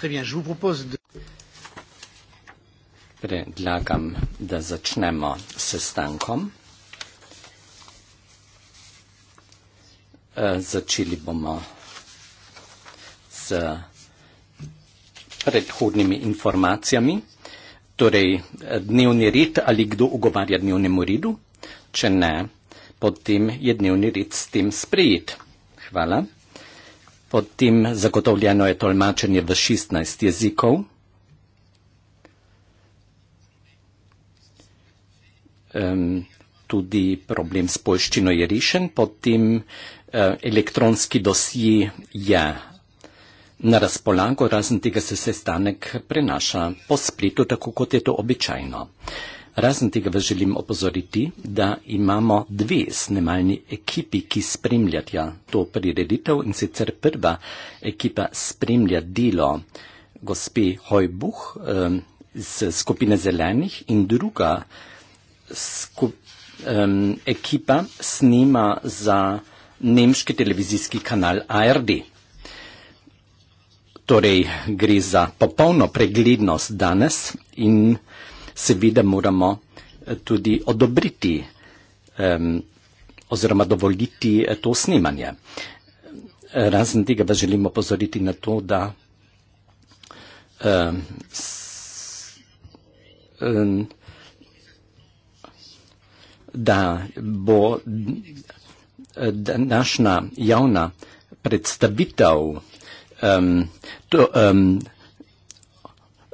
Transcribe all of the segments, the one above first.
Très bien, je vous propose de... Predlagam, da začnemo s stankom. Eh, začeli bomo s predhodnimi informacijami. Torej, eh, dnevni red ali kdo ugovarja dnevnemu redu? Če ne, potem je dnevni red s tem sprejet. Hvala. Potem zagotovljeno je tolmačenje v 16 jezikov. Um, tudi problem s poščino je rešen, potem uh, elektronski dosji je na razpolago, razen tega se sestanek prenaša po spletu, tako kot je to običajno. Razen tega vas želim opozoriti, da imamo dve snemalni ekipi, ki spremljata to prireditev in sicer prva ekipa spremlja delo gospe Hojbuh um, z skupine zelenih in druga skup, um, ekipa snima za nemški televizijski kanal ARD. Torej gre za popolno preglednost danes in seveda moramo eh, tudi odobriti um, oziroma dovoliti eh, to snemanje. Razen tega pa želimo pozoriti na to, da um, da bo eh, današnja javna predstavitev um, to, um,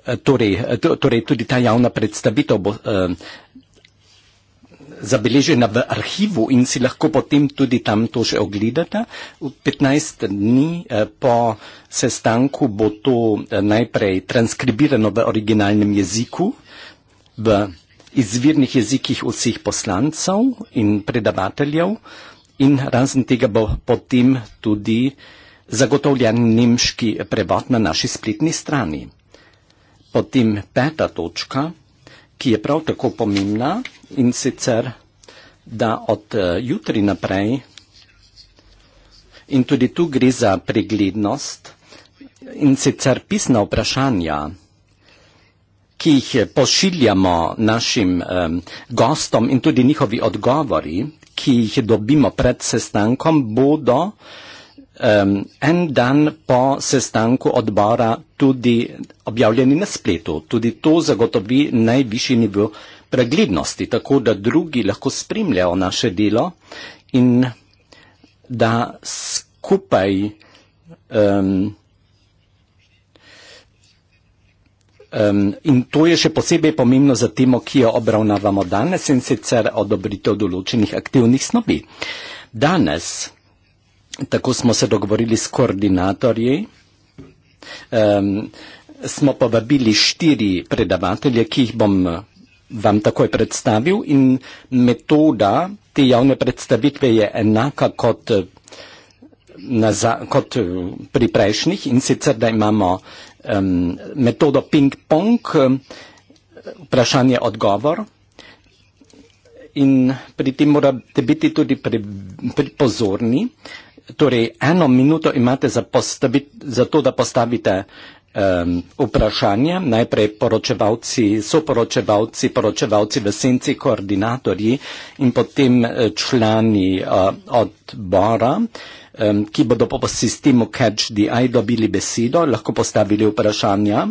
Eh, torej, eh, torej tudi ta javna predstavitev bo eh, zabeležena v arhivu in si lahko potem tudi tam to še ogledate. V 15 dni po sestanku bo to najprej transkribirano v originalnem jeziku, v izvirnih jezikih vseh poslancev in predavateljev in razen tega bo potem tudi zagotovljen nemški prevod na naši spletni strani. Potem peta točka, ki je prav tako pomembna in sicer, da od eh, jutri naprej in tudi tu gre za preglednost in sicer pisna vprašanja, ki jih eh, pošiljamo našim um, gostom in tudi njihovi odgovori, ki jih dobimo pred sestankom, bodo uh, Ehm, en dan po sestanku odbora tudi objavljeni na spletu, tudi to zagotovi najvišji nivo preglednosti, tako da drugi lahko spremljajo naše delo in da skupaj um, um, in to je še posebej pomembno za temo, ki jo obravnavamo danes in sicer odobritev določenih aktivnih snovi. Danes tako smo se dogovorili s koordinatorji. Um, smo povabili štiri predavatelje, ki jih bom eh, vam takoj predstavil in metoda te javne predstavitve je enaka kot, eh, naza, kot eh, pri prejšnjih in sicer, da imamo um, metodo ping-pong, vprašanje odgovor in pri tem morate biti tudi pri, pri pozorni. Uh, torej eno minuto imate za, postavit, za to, da postavite um, vprašanje, najprej poročevalci, soporočevalci, poročevalci v senci, koordinatorji in potem eh, člani uh, odbora, um, ki bodo po sistemu Catch the Eye dobili besedo, lahko postavili vprašanja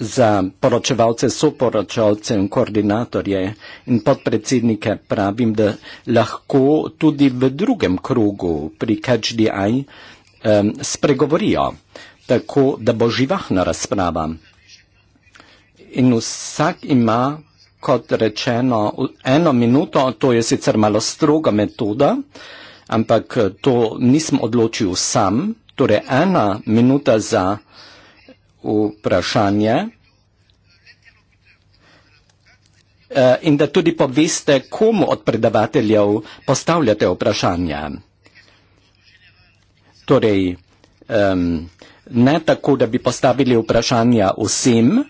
za poročevalce, soporočevalce in koordinatorje in podpredsednike pravim, da lahko tudi v drugem krogu pri KGDI um, spregovorijo, tako da bo živahna razprava. In vsak ima, kot rečeno, eno minuto, to je sicer malo stroga metoda, ampak to nisem odločil sam, torej ena minuta za vprašanje. Eh, in da tudi poveste, komu od predavateljev postavljate vprašanja. Torej, um, ne tako, da bi postavili vprašanja vsem,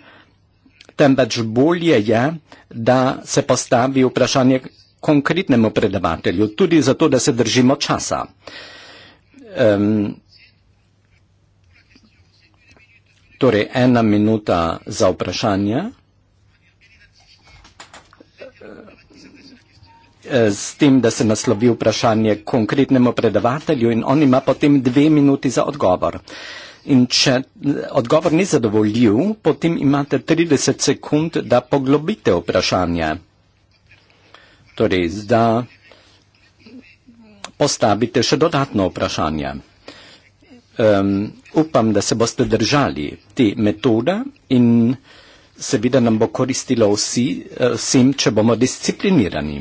temveč bolje je, da se postavi vprašanje konkretnemu predavatelju, tudi zato, da se držimo časa. Um, Torej, ena minuta za vprašanje. Eh, s tem, da se naslovi vprašanje konkretnemu predavatelju in on ima potem dve minuti za odgovor. In če eh, odgovor ni zadovoljiv, potem imate 30 sekund, da poglobite vprašanje. Torej, da postavite še dodatno vprašanje um, upam, da se boste držali te metode in seveda nam bo koristilo vsi, eh, vsem, če bomo disciplinirani.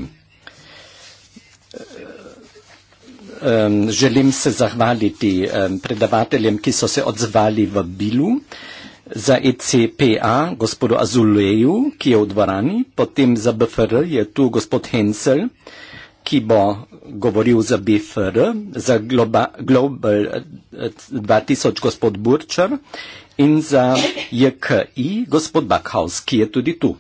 Um, želim se zahvaliti um, predavateljem, ki so se odzvali v bilu za ECPA, gospodu Azuleju, ki je v dvorani, potem za BFR je tu gospod Hensel ki bo govoril za BFR, za Globa, Global 2000 eh, gospod Burčar in za JKI gospod Backhaus, ki je tudi tu.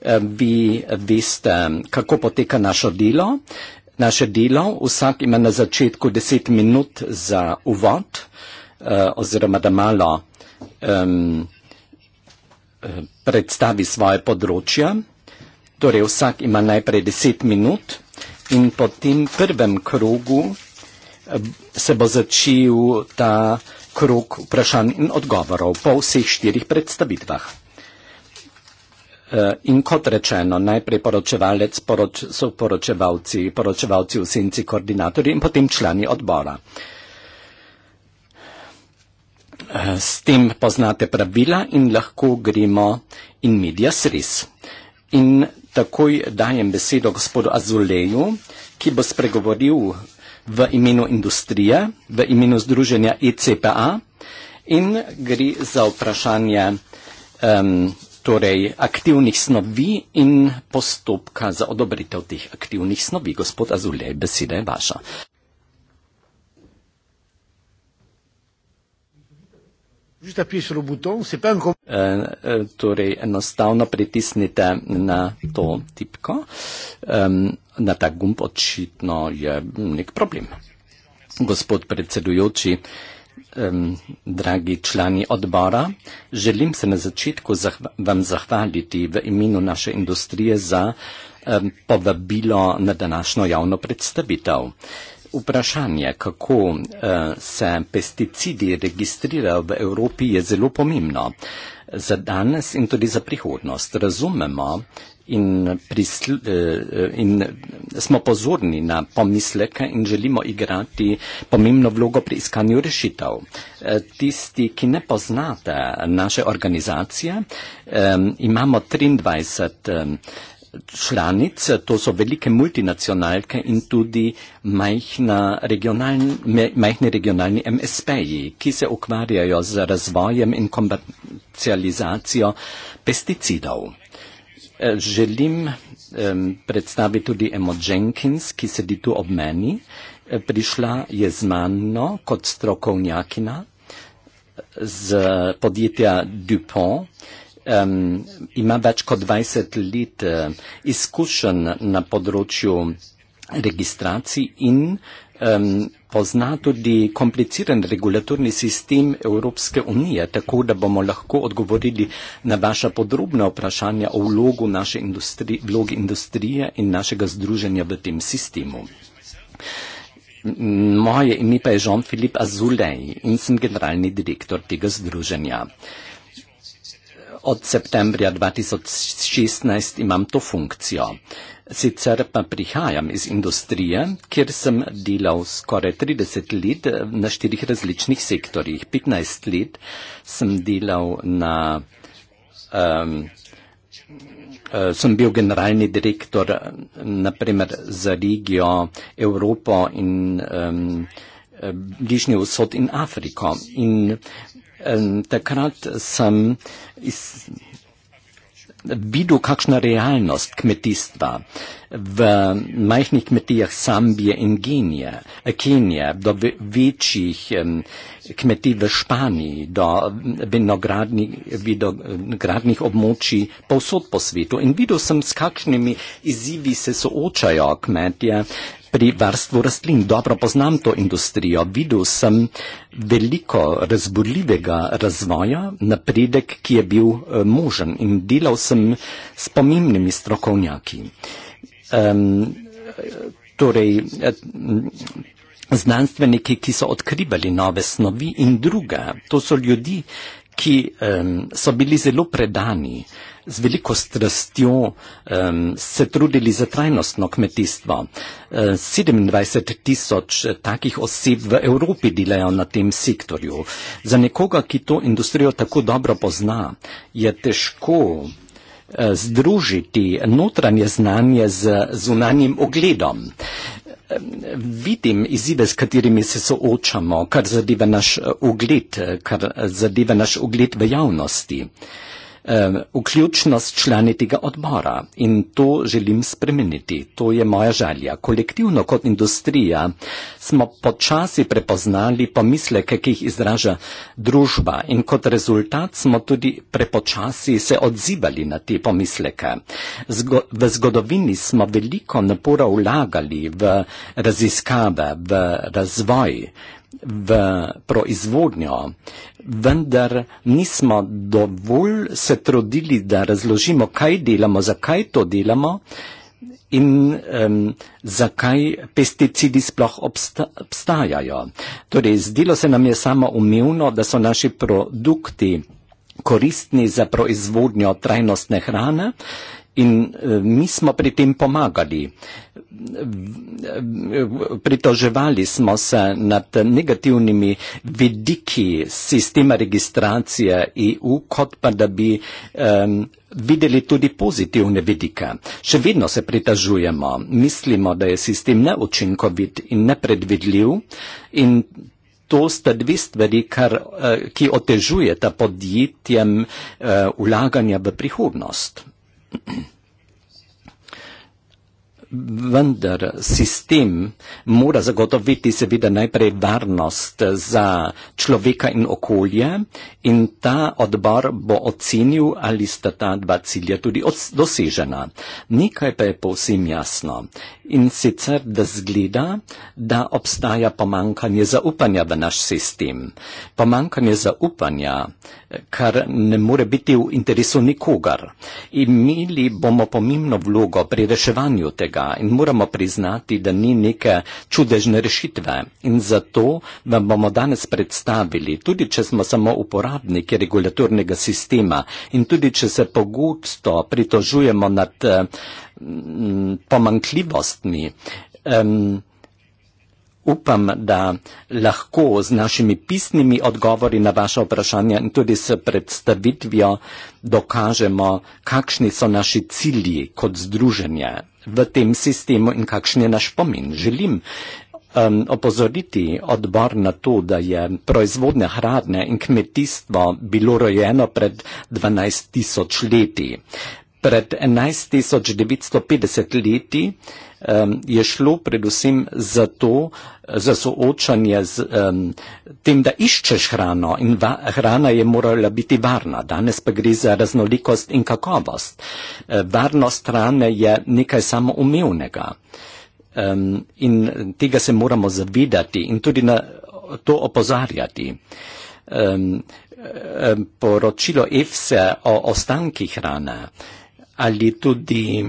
Eh, vi veste, kako poteka naše delo. Naše delo, vsak ima na začetku deset minut za uvod eh, oziroma da malo um, predstavi svoje področje. Torej, vsak ima najprej 10 minut in po tem prvem krogu eh, se bo začel ta krog vprašanj in odgovorov po vseh štirih predstavitvah. Eh, in kot rečeno, najprej poročevalec, poroč, so poročevalci, poročevalci v senci, koordinatorji in potem člani odbora. Eh, s tem poznate pravila in lahko gremo in medijas res. In takoj dajem besedo gospodu Azuleju, ki bo spregovoril v imenu industrije, v imenu združenja ECPA in gre za vprašanje um, torej aktivnih snovi in postopka za odobritev teh aktivnih snovi. Gospod Azulej, beseda je vaša. Eh, eh, torej, enostavno pritisnite na to tipko, na ta gumb, očitno je nek problem. Gospod predsedujoči, dragi člani odbora, želim se na začetku vam zahvaliti v imenu naše industrije za povabilo na današnjo javno predstavitev vprašanje, kako uh, se pesticidi registrirajo v Evropi, je zelo pomembno za danes in tudi za prihodnost. Razumemo in, prisl, uh, in smo pozorni na pomisleke in želimo igrati pomembno vlogo pri iskanju rešitev. Uh, tisti, ki ne poznate naše organizacije, um, imamo 23. Um, članic, to so velike multinacionalke in tudi regionalni, majhni regionalni MSP-ji, ki se ukvarjajo z razvojem in komercializacijo pesticidov. E, želim um, predstaviti tudi Emo Jenkins, ki sedi tu ob meni. E, prišla je z mano kot strokovnjakina z podjetja DuPont um, ima več kot 20 let uh, eh, izkušen na področju registracij in um, pozna tudi kompliciran regulatorni sistem Evropske unije, tako da bomo lahko odgovorili na vaša podrobna vprašanja o vlogu naše industri vlogi industrije in našega združenja v tem sistemu. Moje ime pa je Jean-Philippe Azulej in sem generalni direktor tega združenja od septembrja 2016 imam to funkcijo. Sicer pa prihajam iz industrije, kjer sem delal skoraj 30 let na štirih različnih sektorjih. 15 let sem delal na. Um, Sem bil generalni direktor naprimer za regijo Evropo in um, Bližnji vzhod in Afriko. In takrat sem iz, videl, kakšna realnost kmetijstva. V majhnih kmetijah Sambije in Genije, Kenije, do večjih um, kmetij v Španiji, do vinogradnih vinogradni, območij povsod po svetu. In videl sem, s kakšnimi izzivi se soočajo kmetje pri varstvu rastlin. Dobro poznam to industrijo. Videl sem veliko razburljivega razvoja, napredek, ki je bil eh, možen in delal sem s pomembnimi strokovnjaki. Um, torej, eh, znanstveniki, ki so odkrivali nove snovi in druga. To so ljudi, ki um, so bili zelo predani, z veliko strastjo um, se trudili za trajnostno kmetijstvo. Uh, e, 27 tisoč e, takih oseb v Evropi delajo na tem sektorju. Za nekoga, ki to industrijo tako dobro pozna, je težko e, združiti notranje znanje z zunanjim ogledom vidim izzive, s katerimi se soočamo, kar zadeva naš eh, ugled, eh, kar eh, zadeva naš ugled v javnosti eh, vključnost člani tega odbora in to želim spremeniti. To je moja želja. Kolektivno kot industrija smo počasi prepoznali pomisleke, ki jih izraža družba in kot rezultat smo tudi prepočasi se odzivali na te pomisleke. Zgo v zgodovini smo veliko napora vlagali v raziskave, v razvoj v proizvodnjo, vendar nismo dovolj se trudili, da razložimo, kaj delamo, zakaj to delamo in um, zakaj pesticidi sploh obsta obstajajo. Torej, zdelo se nam je samo umevno, da so naši produkti koristni za proizvodnjo trajnostne hrane. In e, mi smo pri tem pomagali. Pritoževali smo se nad negativnimi vidiki sistema registracije EU, kot pa da bi um, videli tudi pozitivne vidike. Še vedno se pritožujemo, mislimo, da je sistem neučinkovit in nepredvidljiv. In To sta dve stvari, kar, e, ki otežujeta podjetjem e, vlaganja v prihodnost. Vendar sistem mora zagotoviti seveda najprej varnost za človeka in okolje in ta odbor bo ocenil, ali sta ta dva cilja tudi dosežena. Nekaj pa je povsem jasno in sicer, da zgleda, da obstaja pomankanje zaupanja v naš sistem. Pomankanje zaupanja kar ne more biti v interesu nikogar. Imeli bomo pomembno vlogo pri reševanju tega in moramo priznati, da ni neke čudežne rešitve. In zato vam bomo danes predstavili, tudi če smo samo uporabniki regulatornega sistema in tudi če se pogosto pritožujemo nad eh, pomankljivostmi, um, Upam, da lahko z našimi pisnimi odgovori na vaše vprašanje in tudi s predstavitvijo dokažemo, kakšni so naši cilji kot združenje v tem sistemu in kakšen je naš pomen. Želim um, opozoriti odbor na to, da je proizvodne hradne in kmetijstvo bilo rojeno pred 12 tisoč leti. Pred 11.950 leti um, je šlo predvsem za to, za soočanje z um, tem, da iščeš hrano in va, hrana je morala biti varna. Danes pa gre za raznolikost in kakovost. Uh, varnost hrane je nekaj samoumevnega um, in tega se moramo zavedati in tudi na to opozarjati. Um, eh, poročilo EFSE o ostankih hrane ali tudi eh,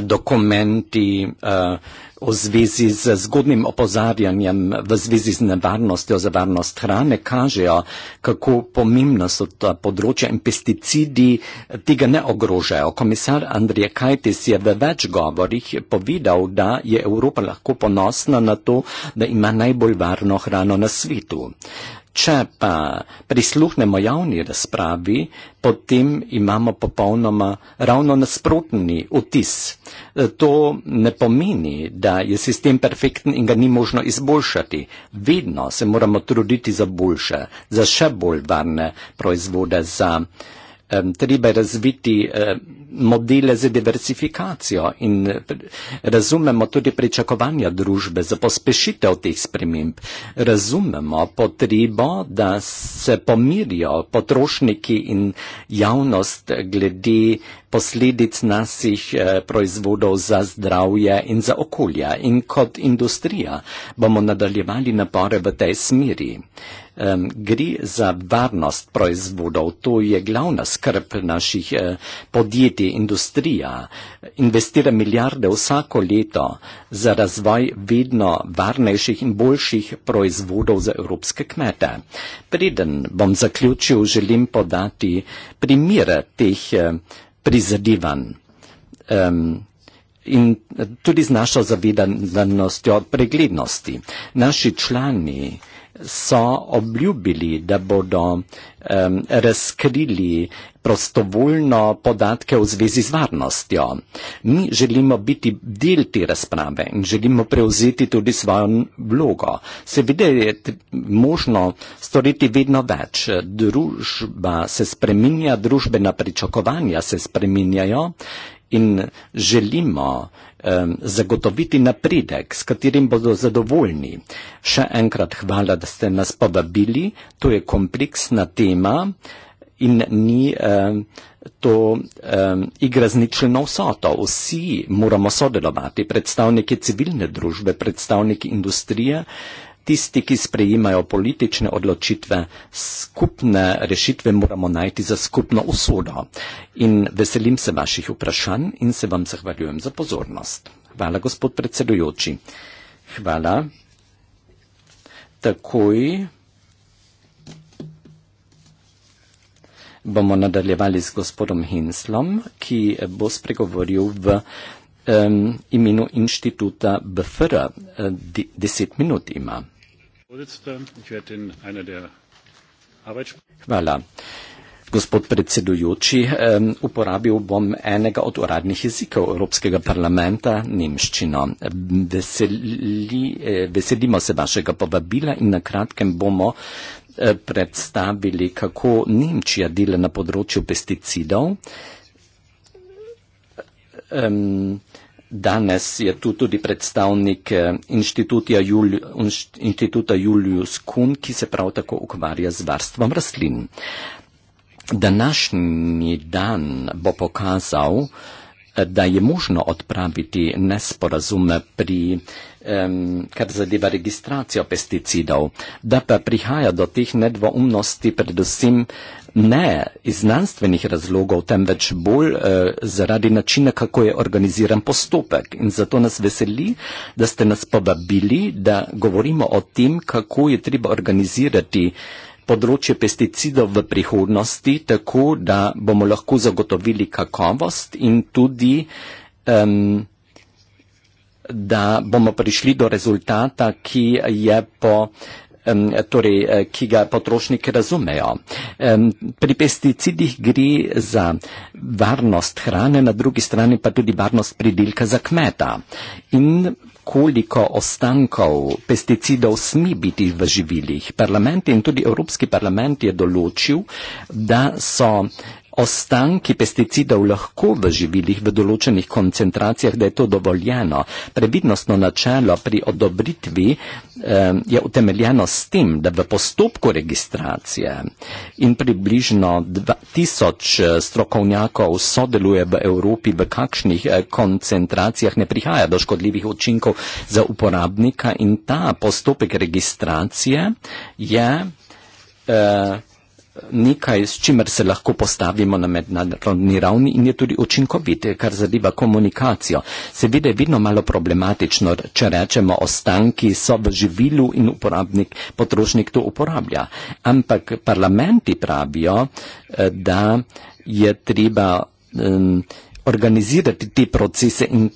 dokumenti uh, v zvezi z zgodnim opozarjanjem v zvezi z nevarnostjo za varnost hrane kažejo, kako pomembna so ta področja in pesticidi eh, tega ne ogrožajo. Komisar Andrija Kajtis je v več govorih povedal, da je Evropa lahko ponosna na to, da ima najbolj varno hrano na svetu. Uh, Če pa prisluhnemo javni razpravi, potem imamo popolnoma ravno nasprotni vtis. To ne pomeni, da je sistem perfekten in ga ni možno izboljšati. Vedno se moramo truditi za boljše, za še bolj varne proizvode. Za, um, treba je razviti um, modele za diversifikacijo in razumemo tudi pričakovanja družbe za pospešitev teh sprememb. Razumemo potrebo, da se pomirijo potrošniki in javnost glede posledic nasih eh, proizvodov za zdravje in za okolje. In kot industrija bomo nadaljevali napore v tej smeri. Eh, um, gre za varnost proizvodov, to je glavna skrb naših uh, podjetij, industrija eh, investira milijarde vsako leto za razvoj vedno varnejših in boljših proizvodov za evropske kmete. Preden bom zaključil, želim podati primere teh uh, prizadevanj. Um, In tudi z našo zavedanostjo preglednosti. Naši člani so obljubili, da bodo um, razkrili prostovoljno podatke v zvezi z varnostjo. Mi želimo biti del te razprave in želimo prevzeti tudi svojo vlogo. Seveda je možno storiti vedno več. Družba se spreminja, družbena pričakovanja se spreminjajo in želimo zagotoviti napredek, s katerim bodo zadovoljni. Še enkrat hvala, da ste nas povabili. To je kompleksna tema in ni to igra z ničelno vsoto. Vsi moramo sodelovati, predstavniki civilne družbe, predstavniki industrije tisti, ki sprejimajo politične odločitve, skupne rešitve moramo najti za skupno usodo. In veselim se vaših vprašanj in se vam zahvaljujem za pozornost. Hvala, gospod predsedujoči. Hvala. Takoj bomo nadaljevali s gospodom Hinslom, ki bo spregovoril v um, imenu inštituta BFR. De, deset minut ima. Hvala. Gospod predsedujoči, uporabil bom enega od uradnih jezikov Evropskega parlamenta, nemščino. Veseli, e, veselimo se vašega povabila in na kratkem bomo e, predstavili, kako Nemčija dela na področju pesticidov danes je tu tudi predstavnik eh, inštituta Julius Kun, ki se prav tako ukvarja z varstvom rastlin. Današnji dan bo pokazal, eh, da je možno odpraviti nesporazume pri, kar zadeva registracijo pesticidov, da pa prihaja do teh nedvoumnosti predvsem ne iz znanstvenih razlogov, temveč bolj eh, zaradi načina, kako je organiziran postopek. In zato nas veseli, da ste nas povabili, da govorimo o tem, kako je treba organizirati področje pesticidov v prihodnosti, tako da bomo lahko zagotovili kakovost in tudi, um, da bomo prišli do rezultata, ki je po uh, torej, eh, ki ga potrošniki razumejo. Pri pesticidih gre za varnost hrane, na drugi strani pa tudi varnost pridelka za kmeta. In koliko ostankov pesticidov smi biti v živilih. Parlament in tudi Evropski parlament je določil, da so ostanki pesticidov lahko v živilih v določenih koncentracijah, da je to dovoljeno. Previdnostno načelo pri odobritvi eh, je utemeljeno s tem, da v postopku registracije in približno 2000 eh, strokovnjakov sodeluje v Evropi, v kakšnih eh, koncentracijah ne prihaja do škodljivih učinkov za uporabnika in ta postopek registracije je eh, nekaj, s čimer se lahko postavimo na mednarodni ravni in je tudi učinkovit, kar zadeva komunikacijo. Seveda je vedno malo problematično, če rečemo ostanki so v živilu in uporabnik, potrošnik to uporablja. Ampak parlamenti pravijo, eh, da je treba um, organizirati te procese in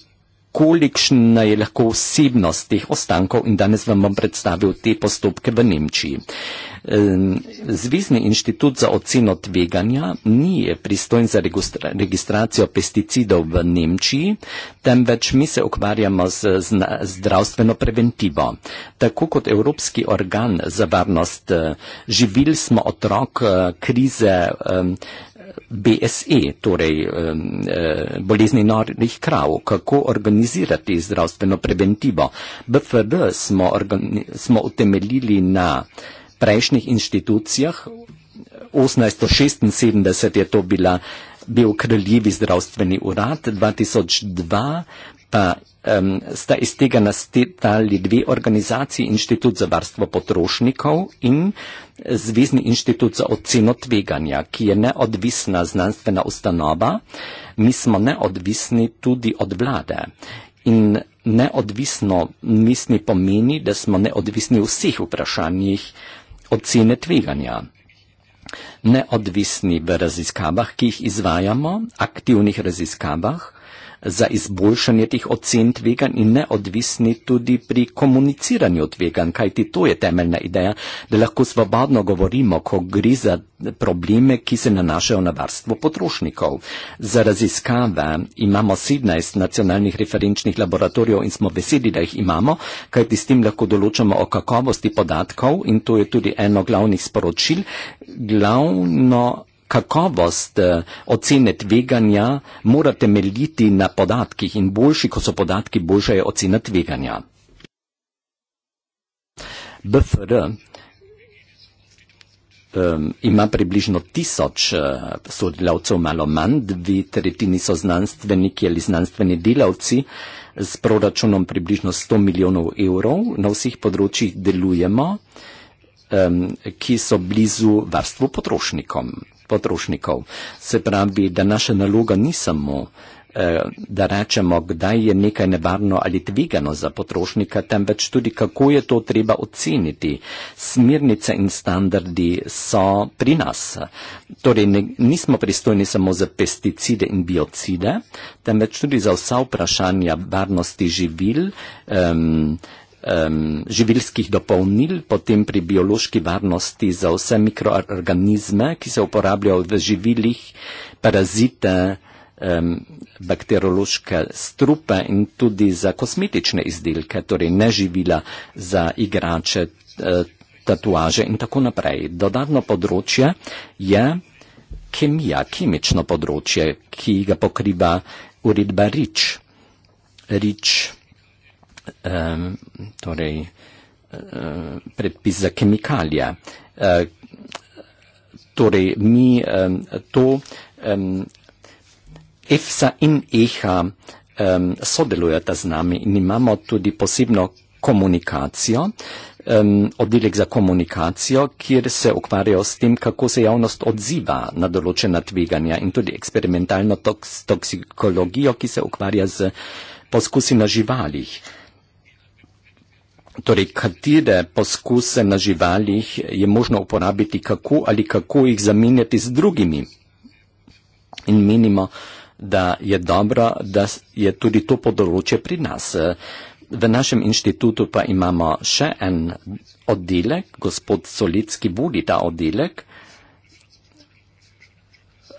kolikšna je lahko vsebnost teh ostankov in danes vam bom predstavil te postopke v Nemčiji. Zvezdni inštitut za oceno tveganja ni pristojen za registracijo pesticidov v Nemčiji, temveč mi se ukvarjamo z zdravstveno preventivo. Tako kot Evropski organ za varnost eh, živil smo otrok eh, krize. BSE, torej eh, bolezni norih krav, kako organizirati zdravstveno preventivo. BFD smo, smo utemeljili na prejšnjih inštitucijah, 1876 je to bila, bil kraljivi zdravstveni urad, 2002 pa um, sta iz tega nastali dve organizaciji, Inštitut za varstvo potrošnikov in Zvezni inštitut za oceno tveganja, ki je neodvisna znanstvena ustanova. Mi smo neodvisni tudi od vlade. In neodvisno misli pomeni, da smo neodvisni v vseh vprašanjih ocene tveganja. Neodvisni v raziskavah, ki jih izvajamo, aktivnih raziskavah, za izboljšanje teh ocen tvegan in neodvisni tudi pri komuniciranju tvegan, kajti to je temeljna ideja, da lahko svobodno govorimo, ko gre za probleme, ki se nanašajo na varstvo potrošnikov. Za raziskave imamo 17 nacionalnih referenčnih laboratorijev in smo veseli, da jih imamo, kajti s tem lahko določamo o kakovosti podatkov in to je tudi eno glavnih sporočil. Glavno kakovost eh, ocene tveganja mora temeljiti na podatkih in boljši, ko so podatki, boljša je ocena tveganja. BFR um, ima približno tisoč uh, sodelavcev, malo manj, dve tretjini so znanstveniki ali znanstveni delavci, s proračunom približno 100 milijonov evrov na vseh področjih delujemo, um, ki so blizu varstvu potrošnikom potrošnikov. Se pravi, da naša naloga ni samo, eh, da rečemo, kdaj je nekaj nevarno ali tvigano za potrošnika, temveč tudi, kako je to treba oceniti. Smirnice in standardi so pri nas. Torej, ne, nismo pristojni samo za pesticide in biocide, temveč tudi za vsa vprašanja varnosti živil. Um, um, živilskih dopolnil, potem pri biološki varnosti za vse mikroorganizme, ki se uporabljajo v živilih, parazite, um, bakteriološke strupe in tudi za kosmetične izdelke, torej neživila za igrače, e, tatuaže in tako naprej. Dodatno področje je kemija, kemično področje, ki ga pokriva uredba RIČ. RIČ um, torej, um, predpis za kemikalije. Uh, torej, mi um, to um, EFSA in EHA um, sodelujeta z nami in imamo tudi posebno komunikacijo, um, oddelek za komunikacijo, kjer se ukvarjajo s tem, kako se javnost odziva na določena tveganja in tudi eksperimentalno toks toksikologijo, ki se ukvarja z poskusi na živalih. Torej, katere poskuse na živalih je možno uporabiti, kako ali kako jih zamenjati z drugimi? In menimo, da je dobro, da je tudi to področje pri nas. V našem inštitutu pa imamo še en oddelek, gospod Solitski vodi ta oddelek,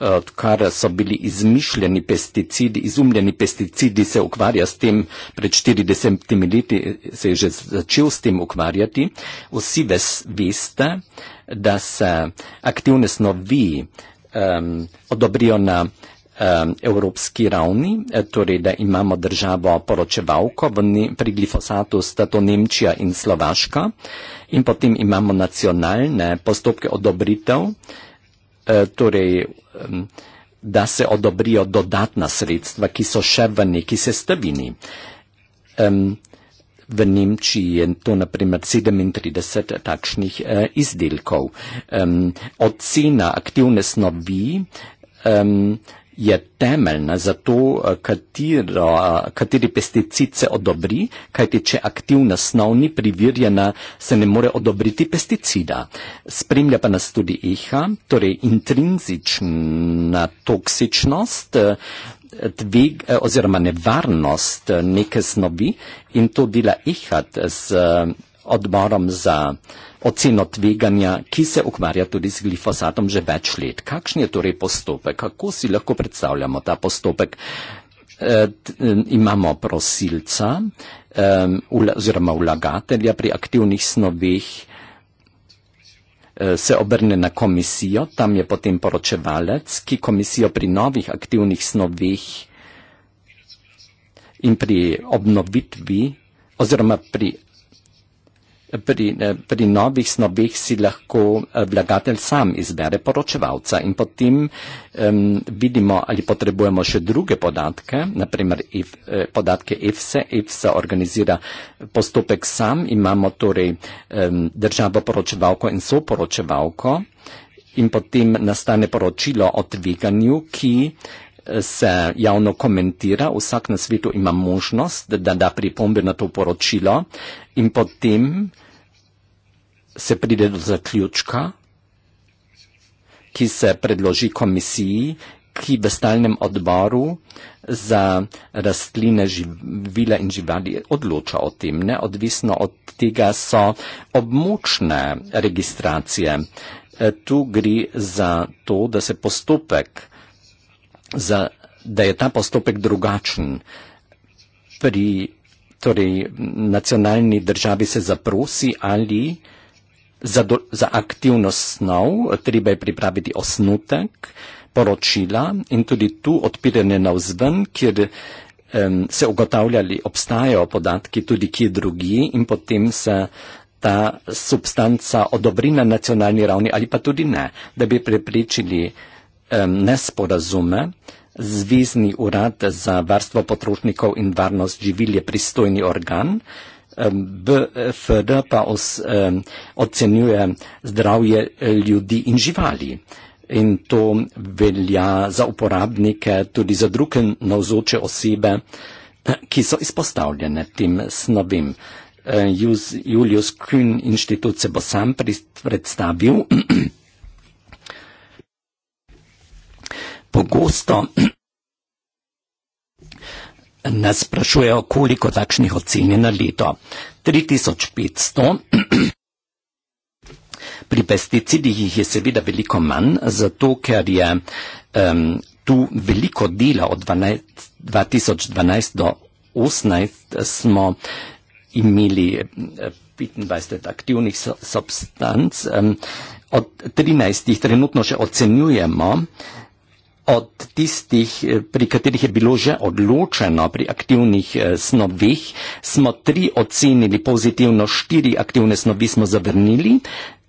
odkar eh, so bili izmišljeni pesticidi, izumljeni pesticidi, se ukvarja s tem, pred 40 leti se je že začel s tem ukvarjati. Vsi ves, veste, da se aktivne snovi um, odobrijo na evropski ravni, eh, torej da imamo državo poročevalko, v ne, pri glifosatu sta to Nemčija in Slovaška in potem imamo nacionalne postopke odobritev, Eh, torej, da se odobrijo dodatna sredstva, ki so še v neki sestavini. V Nemčiji je to naprimer 37 takšnih eh, izdelkov. Ocena aktivne snovi je temeljna za to, eh, katero, eh, kateri pesticid se odobri, kajti če aktivna snov ni privirjena, se ne more odobriti pesticida. Spremlja pa nas tudi iha, torej intrinzična toksičnost eh, tveg, oziroma nevarnost neke snovi in to dela iha z odborom za oceno tveganja, ki se ukvarja tudi z glifosatom že več let. Kakšen je torej postopek? Kako si lahko predstavljamo ta postopek? E, t, e, imamo prosilca e, oziroma vlagatelja pri aktivnih snovih, e, se obrne na komisijo, tam je potem poročevalec, ki komisijo pri novih aktivnih snovih in pri obnovitvi oziroma pri pri, eh, pri novih snovih si lahko eh, vlagatelj sam izbere poročevalca in potem um, vidimo, ali potrebujemo še druge podatke, naprimer if, eh, podatke EFSE. EFSE organizira postopek sam, imamo torej um, državo poročevalko in soporočevalko in potem nastane poročilo o tveganju, ki se javno komentira, vsak na svetu ima možnost, da da pripombe na to poročilo in potem se pride do zaključka, ki se predloži komisiji, ki v stalnem odboru za rastline, živile in živali odloča o tem. Neodvisno od tega so območne registracije. E, tu gre za to, da se postopek za, da je ta postopek drugačen. Pri torej, nacionalni državi se zaprosi ali za, do, za aktivno snov, treba je pripraviti osnutek poročila in tudi tu odpiranje na vzven, kjer um, se ugotavljali, obstajajo podatki tudi kje drugi in potem se ta substanca odobri na nacionalni ravni ali pa tudi ne, da bi preprečili nesporazume, Zvezni urad za varstvo potrošnikov in varnost živil je pristojni organ, BFD pa os, um, ocenjuje zdravje e, ljudi in živali. In to velja za uporabnike, tudi za druge navzoče osebe, ki so izpostavljene tem snovim. Julius Kühn inštitut se bo sam predstavil. pogosto nas sprašujejo, koliko takšnih ocenje na leto. 3500. Pri pesticidih jih je seveda veliko manj, zato ker je um, tu veliko dela od 12, 2012 do 2018 smo imeli 25 aktivnih substanc. Um, od 13 jih trenutno še ocenjujemo. Um, od tistih, eh, pri katerih je bilo že odločeno pri aktivnih eh, snovih, smo tri ocenili pozitivno, štiri aktivne snovi smo zavrnili,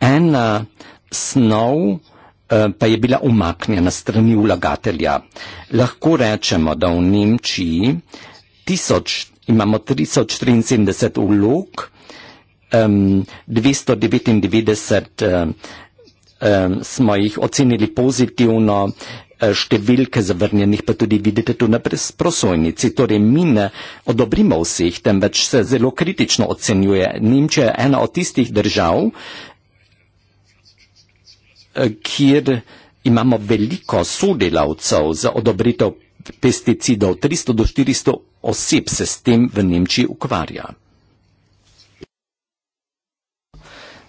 ena snov eh, pa je bila umaknjena strani vlagatelja. Lahko rečemo, da v Nemčiji tisoč, imamo 373 vlog, 299 smo jih ocenili pozitivno, Eh, številke zavrnjenih, pa tudi vidite tu na prosojnici. Torej, mi ne odobrimo vseh, temveč se zelo kritično ocenjuje. Nemčija je ena od tistih držav, eh, kjer imamo veliko sodelavcev za odobritev pesticidov. 300 do 400 oseb se s tem v Nemčiji ukvarja.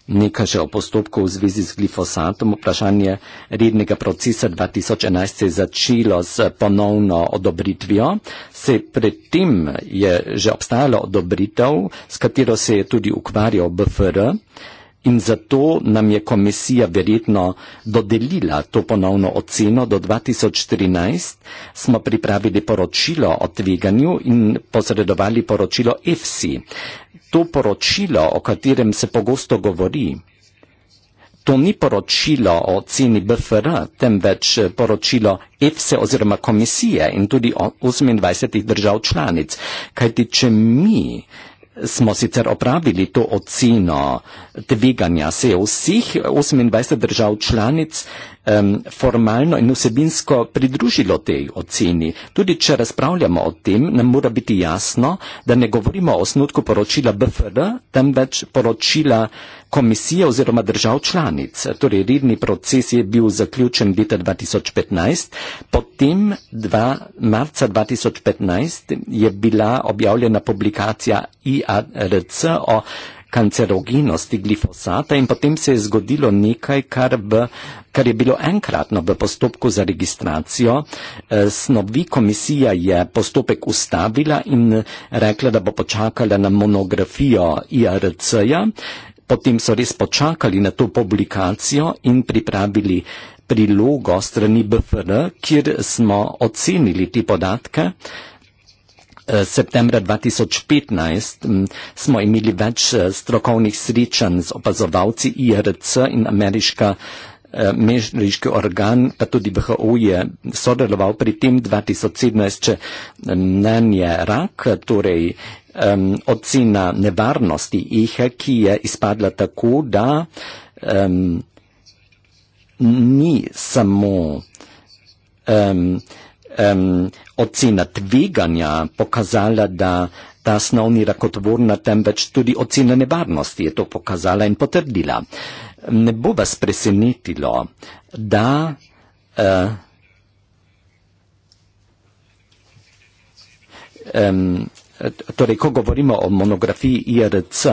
Nekaj še o postopku v zvezi z glifosatom. Vprašanje rednega procesa 2011 se je začelo s ponovno odobritvijo. Se predtem je že obstajalo odobritev, s katero se je tudi ukvarjal BFR. Uh, In zato nam je komisija verjetno dodelila to ponovno oceno do 2013, smo pripravili poročilo o tveganju in posredovali poročilo EFSI. To poročilo, o katerem se pogosto govori, to ni poročilo o ceni BFR, temveč eh, poročilo EFSE oziroma komisije in tudi 28 držav članic. Kajti, če mi smo sicer opravili to oceno tveganja se vseh 28 držav članic um, formalno in vsebinsko pridružilo tej oceni. Tudi če razpravljamo o tem, nam mora biti jasno, da ne govorimo o osnutku poročila BFR, temveč poročila komisije oziroma držav članic. Torej, redni proces je bil zaključen leta 2015, potem 2. marca 2015 je bila objavljena publikacija IARC o kancerogenosti glifosata in potem se je zgodilo nekaj, kar, v, kar je bilo enkratno v postopku za registracijo. E, snovi komisija je postopek ustavila in rekla, da bo počakala na monografijo IRC-ja. Potem so res počakali na to publikacijo in pripravili prilogo strani BFR, kjer smo ocenili te podatke. Eh, septembra 2015 smo imeli več eh, strokovnih srečanj z opazovalci IRC in ameriška eh, mežniški organ, pa tudi VHO je sodeloval pri tem 2017, če mnenje rak, torej um, ocena nevarnosti jih, ki je izpadla tako, da um, ni samo um, um, ocena tveganja pokazala, da ta snov ni rakotvorna, temveč tudi ocena nevarnosti je to pokazala in potrdila. Ne bo vas presenetilo, da uh, um, torej, ko govorimo o monografiji IRC,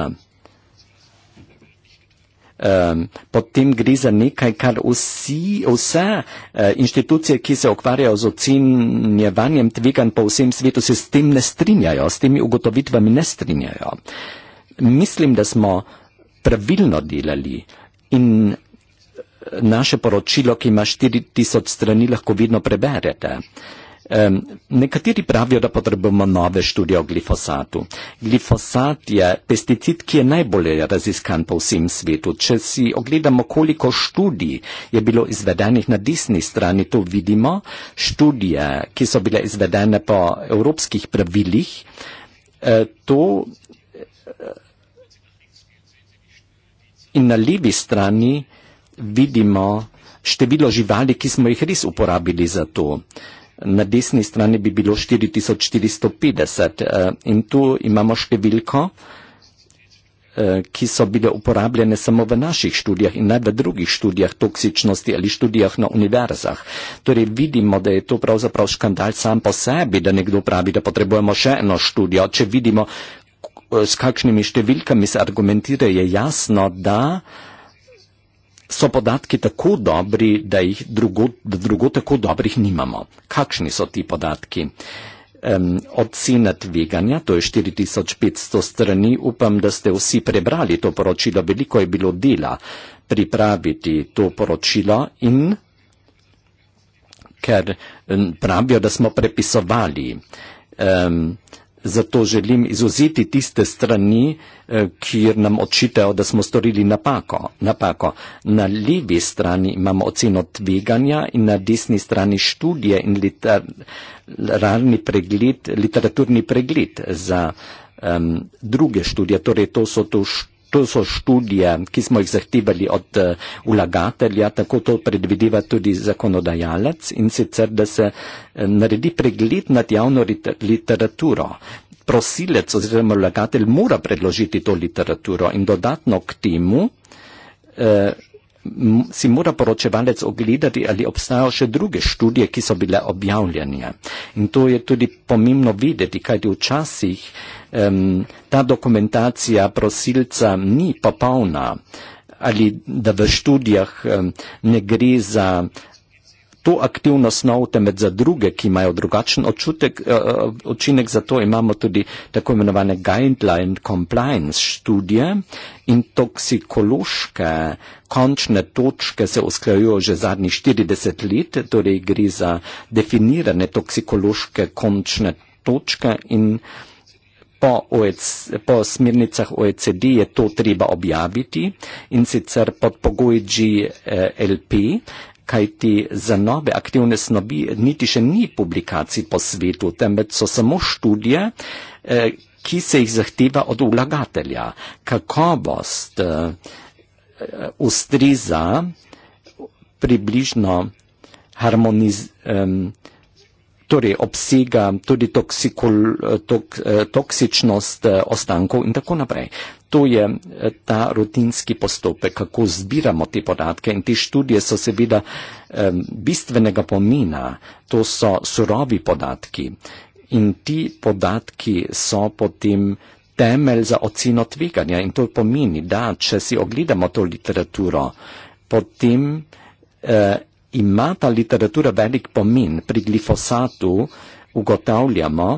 potem gre za nekaj, kar vsi, vse eh, inštitucije, ki se okvarjajo z ocenjevanjem tveganj po vsem svetu, se s tem ne strinjajo, s temi ugotovitvami ne strinjajo. Mislim, da smo pravilno delali in naše poročilo, ki ima 4000 strani, lahko vedno preberete. Uh, Um, nekateri pravijo, da potrebujemo nove študije o glifosatu. Glifosat je pesticid, ki je najbolje raziskan po vsem svetu. Če si ogledamo, koliko študij je bilo izvedenih na desni strani, to vidimo. Študije, ki so bile izvedene po evropskih pravilih, e, to. E, in na levi strani vidimo število živali, ki smo jih res uporabili za to. Uh, na desni strani bi bilo 4450 eh, in tu imamo številko, eh, ki so bile uporabljene samo v naših študijah in ne v drugih študijah toksičnosti ali študijah na univerzah. Torej vidimo, da je to pravzaprav škandal sam po sebi, da nekdo pravi, da potrebujemo še eno študijo. Če vidimo, eh, s kakšnimi številkami se argumentira, je jasno, da uh, so podatki tako dobri, da jih drugo, da drugo tako dobrih nimamo. Kakšni so ti podatki? Um, ocena tveganja, to je 4500 strani, upam, da ste vsi prebrali to poročilo, veliko je bilo dela pripraviti to poročilo in ker um, pravijo, da smo prepisovali. Um, Zato želim izuziti tiste strani, eh, kjer nam očitajo, da smo storili napako. napako. Na levi strani imamo oceno tveganja in na desni strani študije in liter, pregled, literaturni pregled za um, druge študije. Torej, to so to študije to so študije, ki smo jih zahtevali od eh, vlagatelja, tako to predvideva tudi zakonodajalec in sicer, da se eh, naredi pregled nad javno literaturo. Prosilec oziroma vlagatelj mora predložiti to literaturo in dodatno k temu. Eh, si mora poročevalec ogledati, ali obstajajo še druge študije, ki so bile objavljene. In to je tudi pomembno videti, kajti včasih um, ta dokumentacija prosilca ni popolna ali da v študijah um, ne gre za to aktivno snov, temveč za druge, ki imajo drugačen očutek, očinek, eh, eh, zato imamo tudi tako imenovane guideline compliance študije in toksikološke končne točke se usklajujo že zadnji 40 let, torej gre za definirane toksikološke končne točke in Po, OEC, po smernicah OECD je to treba objaviti in sicer pod pogoji GLP, e kajti za nove aktivne snovi niti še ni publikacij po svetu, temveč so samo študije, eh, ki se jih zahteva od vlagatelja. Kakovost eh, eh, ustriza približno harmoniz, um, torej obsega tudi toksikul, tok, eh, toksičnost eh, ostankov in tako naprej. To je eh, ta rutinski postopek, kako zbiramo te podatke in te študije so seveda bistvenega pomena, to so surovi podatki in ti podatki so potem temelj za oceno tveganja in to pomeni, da če si ogledamo to literaturo, potem ima ta literatura velik pomen. Pri glifosatu ugotavljamo,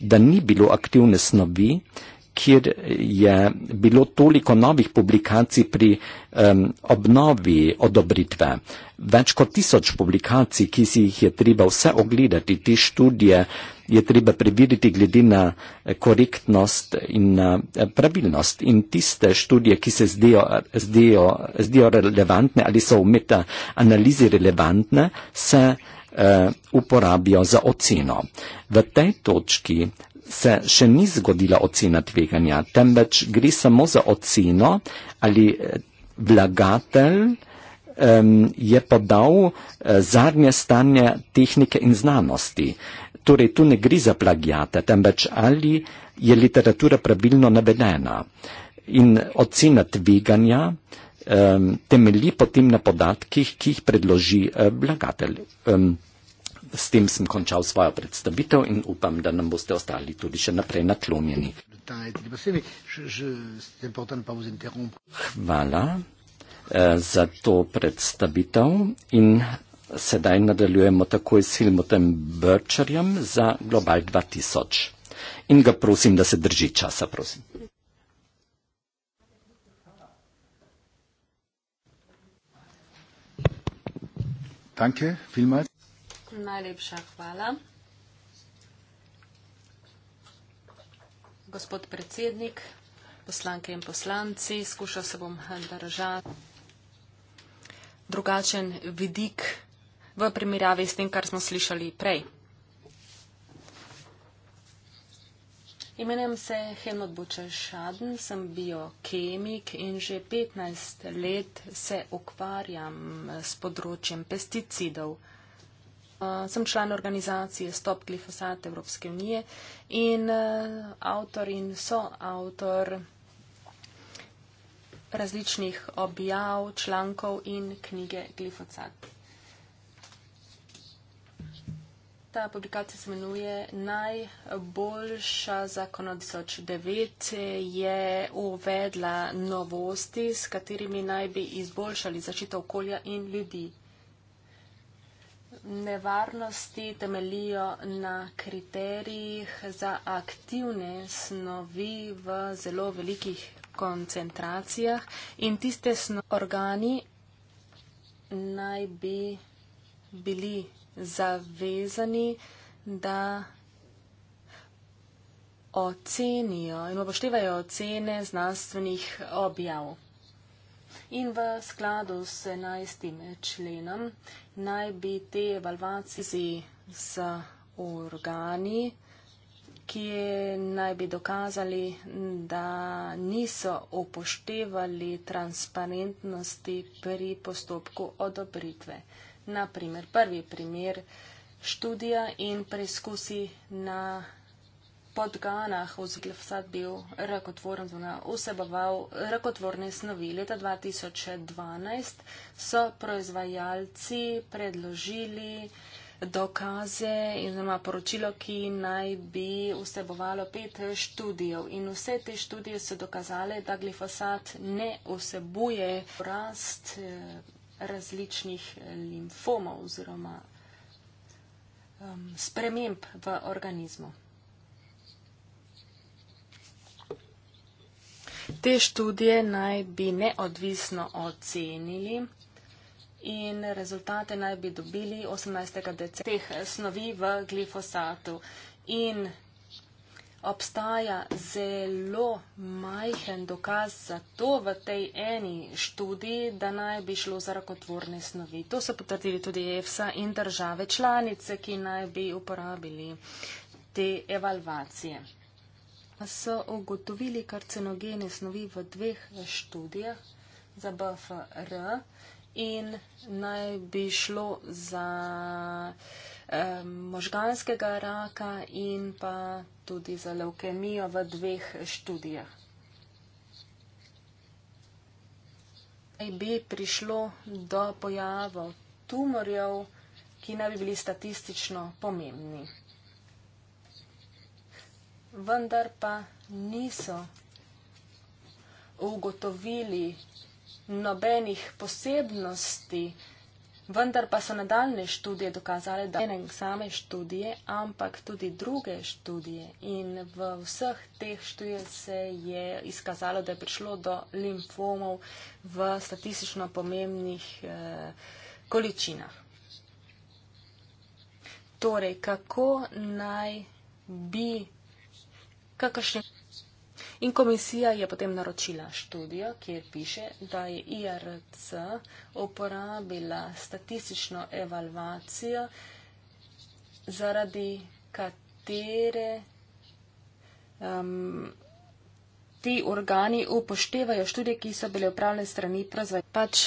da ni bilo aktivne snovi, kjer je bilo toliko novih publikacij pri um, obnovi odobritve. Več kot tisoč publikacij, ki si jih je treba vse ogledati, te študije je treba preveriti glede na eh, korektnost in na eh, pravilnost. In tiste študije, ki se zdijo, zdijo, zdijo relevantne ali so v meta analizi relevantne, se eh, uporabijo za oceno. V tej točki se še ni zgodila ocena tveganja, temveč gre samo za oceno, ali eh, vlagatelj um, je podal uh, zadnje stanje tehnike in znanosti. Torej, tu ne gre za plagijate, temveč ali je literatura pravilno navedena. In ocena tveganja um, temelji potem na podatkih, ki jih predloži uh, vlagatelj. Um, s tem sem končal svojo predstavitev in upam, da nam boste ostali tudi še naprej naklonjeni. Hvala eh, za to predstavitev in sedaj nadaljujemo takoj s Filmotem Brčerjem za Global 2000. In ga prosim, da se drži časa, prosim. Danke, vielmals. Najlepša hvala. Gospod predsednik, poslanke in poslanci, skušal se bom držati drugačen vidik v primerjavi s tem, kar smo slišali prej. Imenem se Helmut Bučešaden, sem biokemik in že 15 let se ukvarjam s področjem pesticidov sem član organizacije Stop glifosat Evropske unije in e, avtor in soavtor različnih objav, člankov in knjige glifosat. Ta publikacija se imenuje Najboljša zakona 2009 je uvedla novosti, s katerimi naj bi izboljšali zaščito okolja in ljudi nevarnosti temelijo na kriterijih za aktivne snovi v zelo velikih koncentracijah in tiste organi naj bi bili zavezani, da ocenijo in upoštevajo ocene znanstvenih objav. In v skladu s 11. členom naj bi te evalvacije z organi, ki naj bi dokazali, da niso upoštevali transparentnosti pri postopku odobritve. Naprimer, prvi primer študija in preizkusi na podganah v glifosat bil rakotvoren zunaj vseboval rakotvorne snovi. Leta 2012 so proizvajalci predložili dokaze in znamo poročilo, ki naj bi vsebovalo pet študijev. In vse te študije so dokazale, da glifosat ne vsebuje rast eh, različnih eh, limfomov oziroma um, sprememb v organizmu. Te študije naj bi neodvisno ocenili in rezultate naj bi dobili 18. decembra teh snovi v glifosatu. In obstaja zelo majhen dokaz za to v tej eni študiji, da naj bi šlo za rakotvorne snovi. To so potrdili tudi EFSA in države članice, ki naj bi uporabili te evalvacije so ugotovili karcinogene snovi v dveh študijah za BFR in naj bi šlo za eh, možganskega raka in pa tudi za leukemijo v dveh študijah. Naj bi prišlo do pojavov tumorjev, ki naj bi bili statistično pomembni vendar pa niso ugotovili nobenih posebnosti, vendar pa so nadaljne študije dokazale, da ne same študije, ampak tudi druge študije. In v vseh teh študijah se je izkazalo, da je prišlo do limfomov v statistično pomembnih eh, količinah. Torej, kako naj bi kakršne. In komisija je potem naročila študijo, kjer piše, da je IRC uporabila statistično evalvacijo, zaradi katere um, ti organi upoštevajo študije, ki so bile upravljene strani proizvajalcev. Pač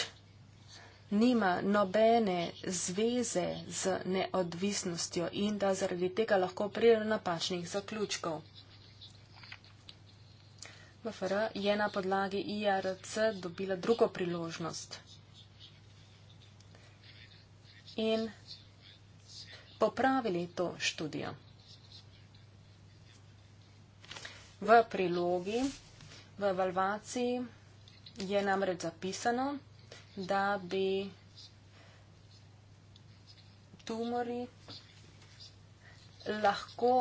nima nobene zveze z neodvisnostjo in da zaradi tega lahko prijelo napačnih zaključkov. VFR je na podlagi IRC dobila drugo priložnost. In popravili to študijo. V prilogi, v evalvaciji je namreč zapisano, da bi tumori lahko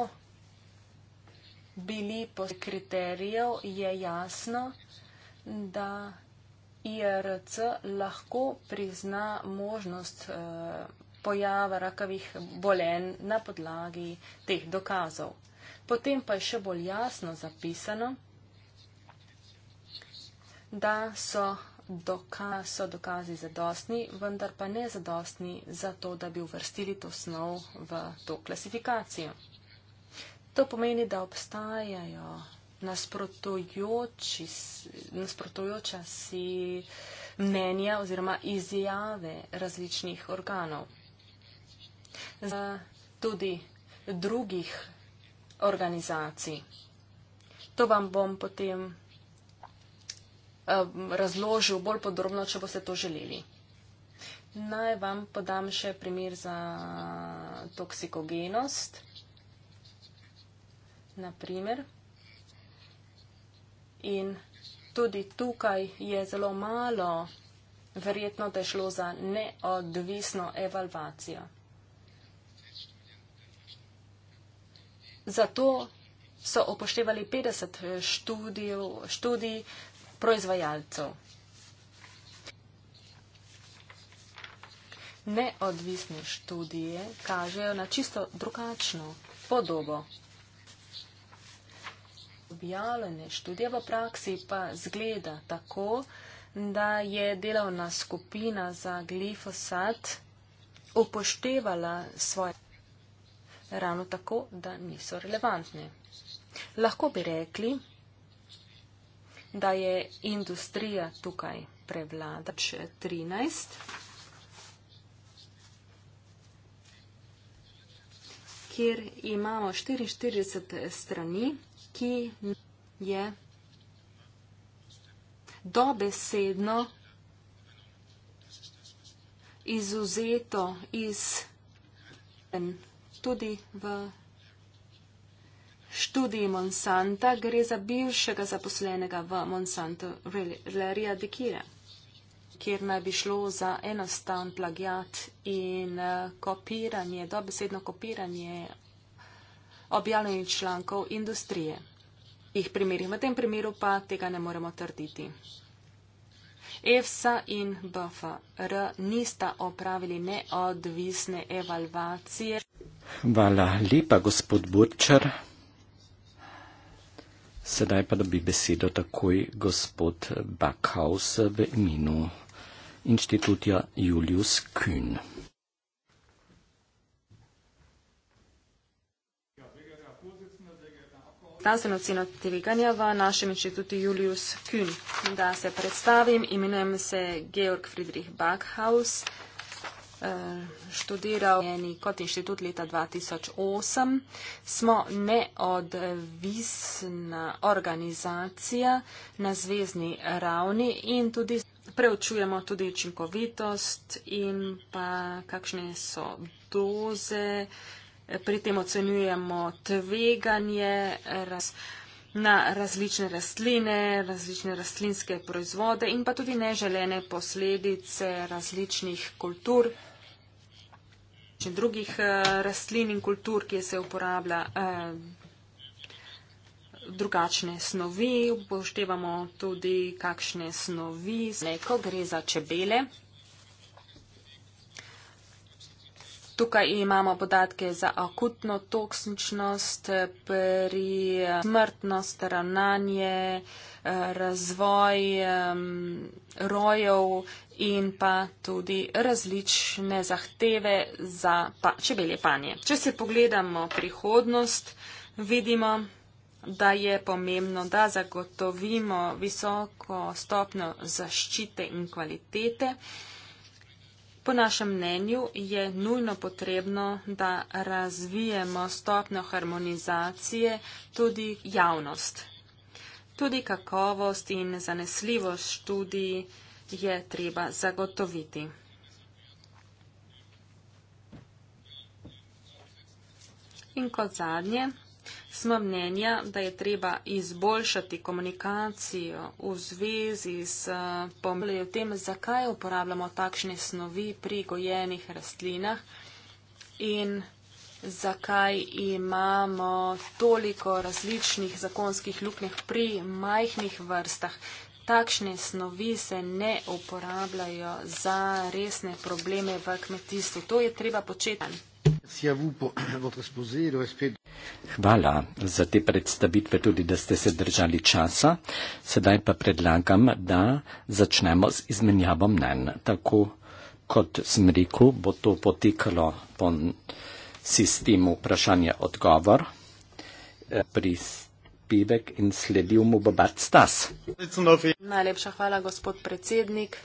bili po kriterijev, je jasno, da IRC lahko prizna možnost eh, pojava rakavih bolen na podlagi teh dokazov. Potem pa je še bolj jasno zapisano, da so, doka so dokazi zadostni, vendar pa ne zadostni za to, da bi uvrstili to snov v to klasifikacijo. To pomeni, da obstajajo nasprotujoči, nasprotujoča si mnenja oziroma izjave različnih organov. Za tudi drugih organizacij. To vam bom potem eh, razložil bolj podrobno, če boste to želeli. Naj vam podam še primer za toksikogenost naprimer. In tudi tukaj je zelo malo verjetno, da je šlo za neodvisno evalvacijo. Zato so upoštevali 50 študij, študij proizvajalcev. Neodvisne študije kažejo na čisto drugačno podobo objavljene. Študija v praksi pa zgleda tako, da je delovna skupina za glifosat upoštevala svoje ravno tako, da niso relevantne. Lahko bi rekli, da je industrija tukaj prevlada. 13. kjer imamo 44 strani ki je dobesedno izuzeto iz en tudi v študiji Monsanta, gre za bivšega zaposlenega v Monsanto Larija Dekira, kjer naj bi šlo za enostavn plagiat in eh, kopiranje, dobesedno kopiranje objavljenih člankov industrije. Ih primerih v tem primeru pa tega ne moremo trditi. EFSA in BFR nista opravili neodvisne evalvacije. Hvala lepa, gospod Burčar. Sedaj pa dobi besedo takoj gospod Backhaus v imenu inštitutja Julius Kühn. znanstveno ceno tveganja v našem inštitutu Julius Kühn. Da se predstavim, imenujem se Georg Friedrich Backhaus. Eh, študiral je kot inštitut leta 2008. Smo neodvisna organizacija na zvezdni ravni in tudi preučujemo tudi učinkovitost in pa kakšne so doze, pri tem ocenjujemo tveganje raz, na različne rastline, različne rastlinske proizvode in pa tudi neželene posledice različnih kultur in drugih eh, rastlin in kultur, ki se uporablja eh, drugačne snovi, upoštevamo tudi kakšne snovi, ko gre za čebele. Tukaj imamo podatke za akutno toksičnost, pri eh, smrtnost, ravnanje, eh, razvoj rojev in pa tudi različne zahteve za pa, čebelje panje. Če se pogledamo prihodnost, vidimo, da je pomembno, da zagotovimo visoko stopno zaščite in kvalitete. Po našem mnenju je nujno potrebno, da razvijemo stopno harmonizacije tudi javnost. Tudi kakovost in zanesljivost študij je treba zagotoviti. In kot zadnje, smo mnenja, da je treba izboljšati komunikacijo v zvezi s eh, pomlejo tem, zakaj uporabljamo takšne snovi pri gojenih rastlinah in zakaj imamo toliko različnih zakonskih luknjah pri majhnih vrstah. Takšne snovi se ne uporabljajo za resne probleme v kmetijstvu. To je treba početi. Hvala za te predstavitve, tudi da ste se držali časa. Sedaj pa predlagam, da začnemo z izmenjavo mnen. Tako kot sem rekel, bo to potekalo po sistemu vprašanje-odgovor. Eh, in sledil mu bo Bart Stas. Najlepša hvala, gospod predsednik.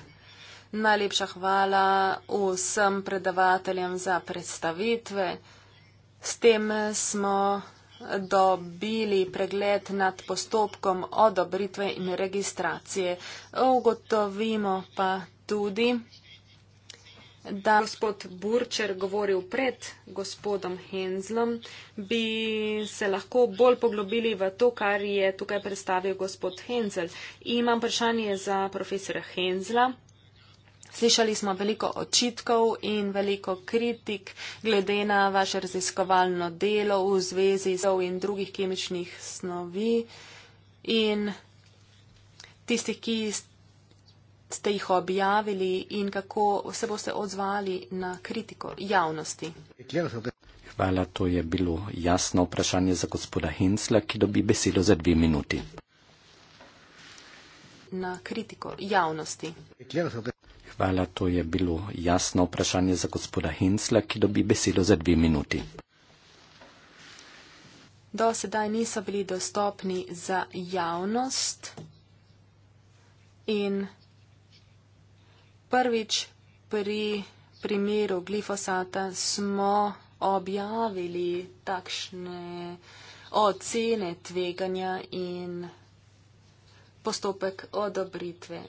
Najlepša hvala vsem predavateljem za predstavitve. S tem smo dobili pregled nad postopkom odobritve in registracije. Ugotovimo pa tudi, da gospod Burčer govoril pred gospodom Henzlom, bi se lahko bolj poglobili v to, kar je tukaj predstavil gospod Henzel. Imam vprašanje za profesora Henzla. Slišali smo veliko očitkov in veliko kritik glede na vaše raziskovalno delo v zvezi z in drugih kemičnih snovi in tistih, ki ste jih objavili in kako se boste odzvali na kritiko javnosti. Hvala, to je bilo jasno vprašanje za gospoda Hensla, ki dobi besedo za dve minuti. Na kritiko javnosti. Hvala, to je bilo jasno vprašanje za gospoda Hensla, ki dobi besedo za dve minuti. Do sedaj niso bili dostopni za javnost in prvič pri primeru glifosata smo objavili takšne ocene tveganja in postopek odobritve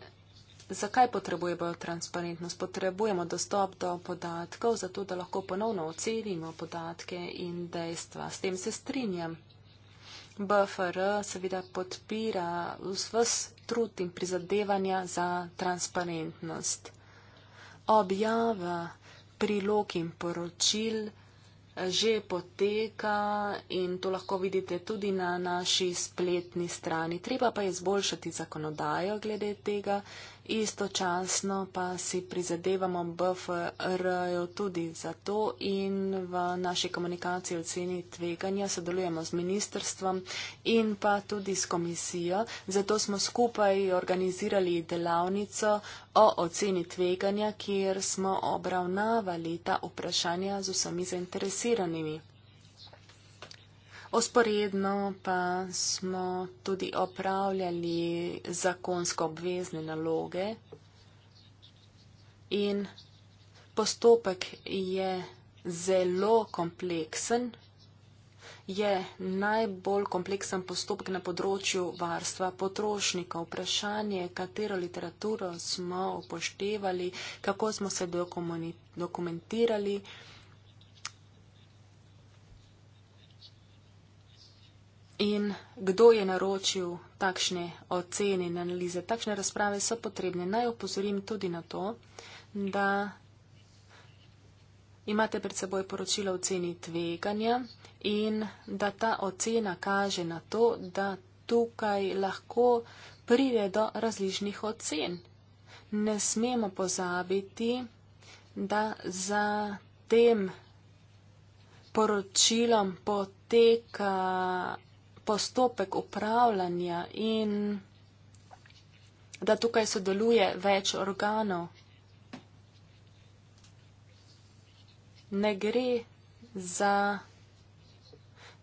Zakaj potrebujemo transparentnost? Potrebujemo dostop do podatkov, zato da lahko ponovno ocenimo podatke in dejstva. S tem se strinjam. BFR seveda podpira vs trud in prizadevanja za transparentnost. Objava prilog in poročil že poteka in to lahko vidite tudi na naši spletni strani. Treba pa izboljšati zakonodajo glede tega istočasno pa si prizadevamo BFR-ju tudi za to in v naši komunikaciji o ceni tveganja sodelujemo z ministrstvom in pa tudi s komisijo. Zato smo skupaj organizirali delavnico o oceni tveganja, kjer smo obravnavali ta vprašanja z vsemi zainteresiranimi. Osporedno pa smo tudi opravljali zakonsko obvezne naloge in postopek je zelo kompleksen, je najbolj kompleksen postopek na področju varstva potrošnika. Vprašanje, katero literaturo smo upoštevali, kako smo se dokumentirali. in kdo je naročil takšne ocene in analize. Takšne razprave so potrebne. Naj opozorim tudi na to, da imate pred seboj poročilo oceni tveganja in da ta ocena kaže na to, da tukaj lahko pride do različnih ocen. Ne smemo pozabiti, da za tem poročilom poteka postopek upravljanja in da tukaj sodeluje več organov. Ne gre za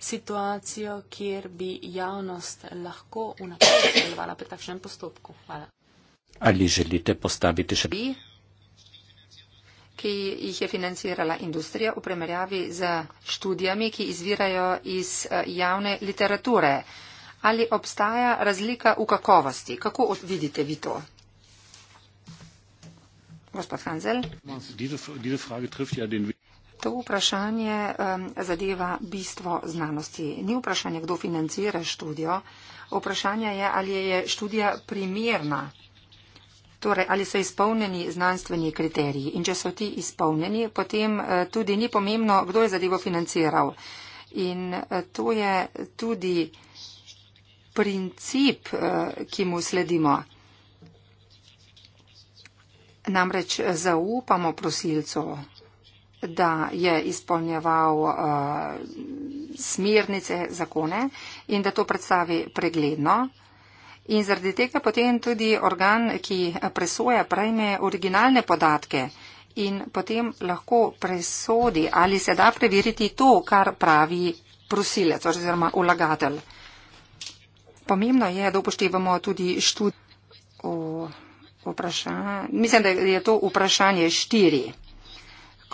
situacijo, kjer bi javnost lahko vnaprej sodelovala pri takšnem postopku. Hvala. Ali želite postaviti še? Bi ki jih je financirala industrija v primerjavi z študijami, ki izvirajo iz eh, javne literature. Ali obstaja razlika v kakovosti? Kako vidite vi to? Gospod Hanzel? Ja to vprašanje um, zadeva bistvo znanosti. Ni vprašanje, kdo financira študijo. Vprašanje je, ali je študija primerna Torej, ali so izpolnjeni znanstveni kriteriji in če so ti izpolnjeni, potem eh, tudi ni pomembno, kdo je zadevo financiral. In eh, to je tudi princip, eh, ki mu sledimo. Namreč zaupamo prosilcu, da je izpolnjeval uh, smernice zakone in da to predstavi pregledno. In zaradi tega potem tudi organ, ki eh, presoja, prejme originalne podatke in potem lahko presodi, ali se da preveriti to, kar pravi prosilec oziroma ulagatelj. Pomembno je, da upoštevamo tudi študijo. Mislim, da je to vprašanje štiri.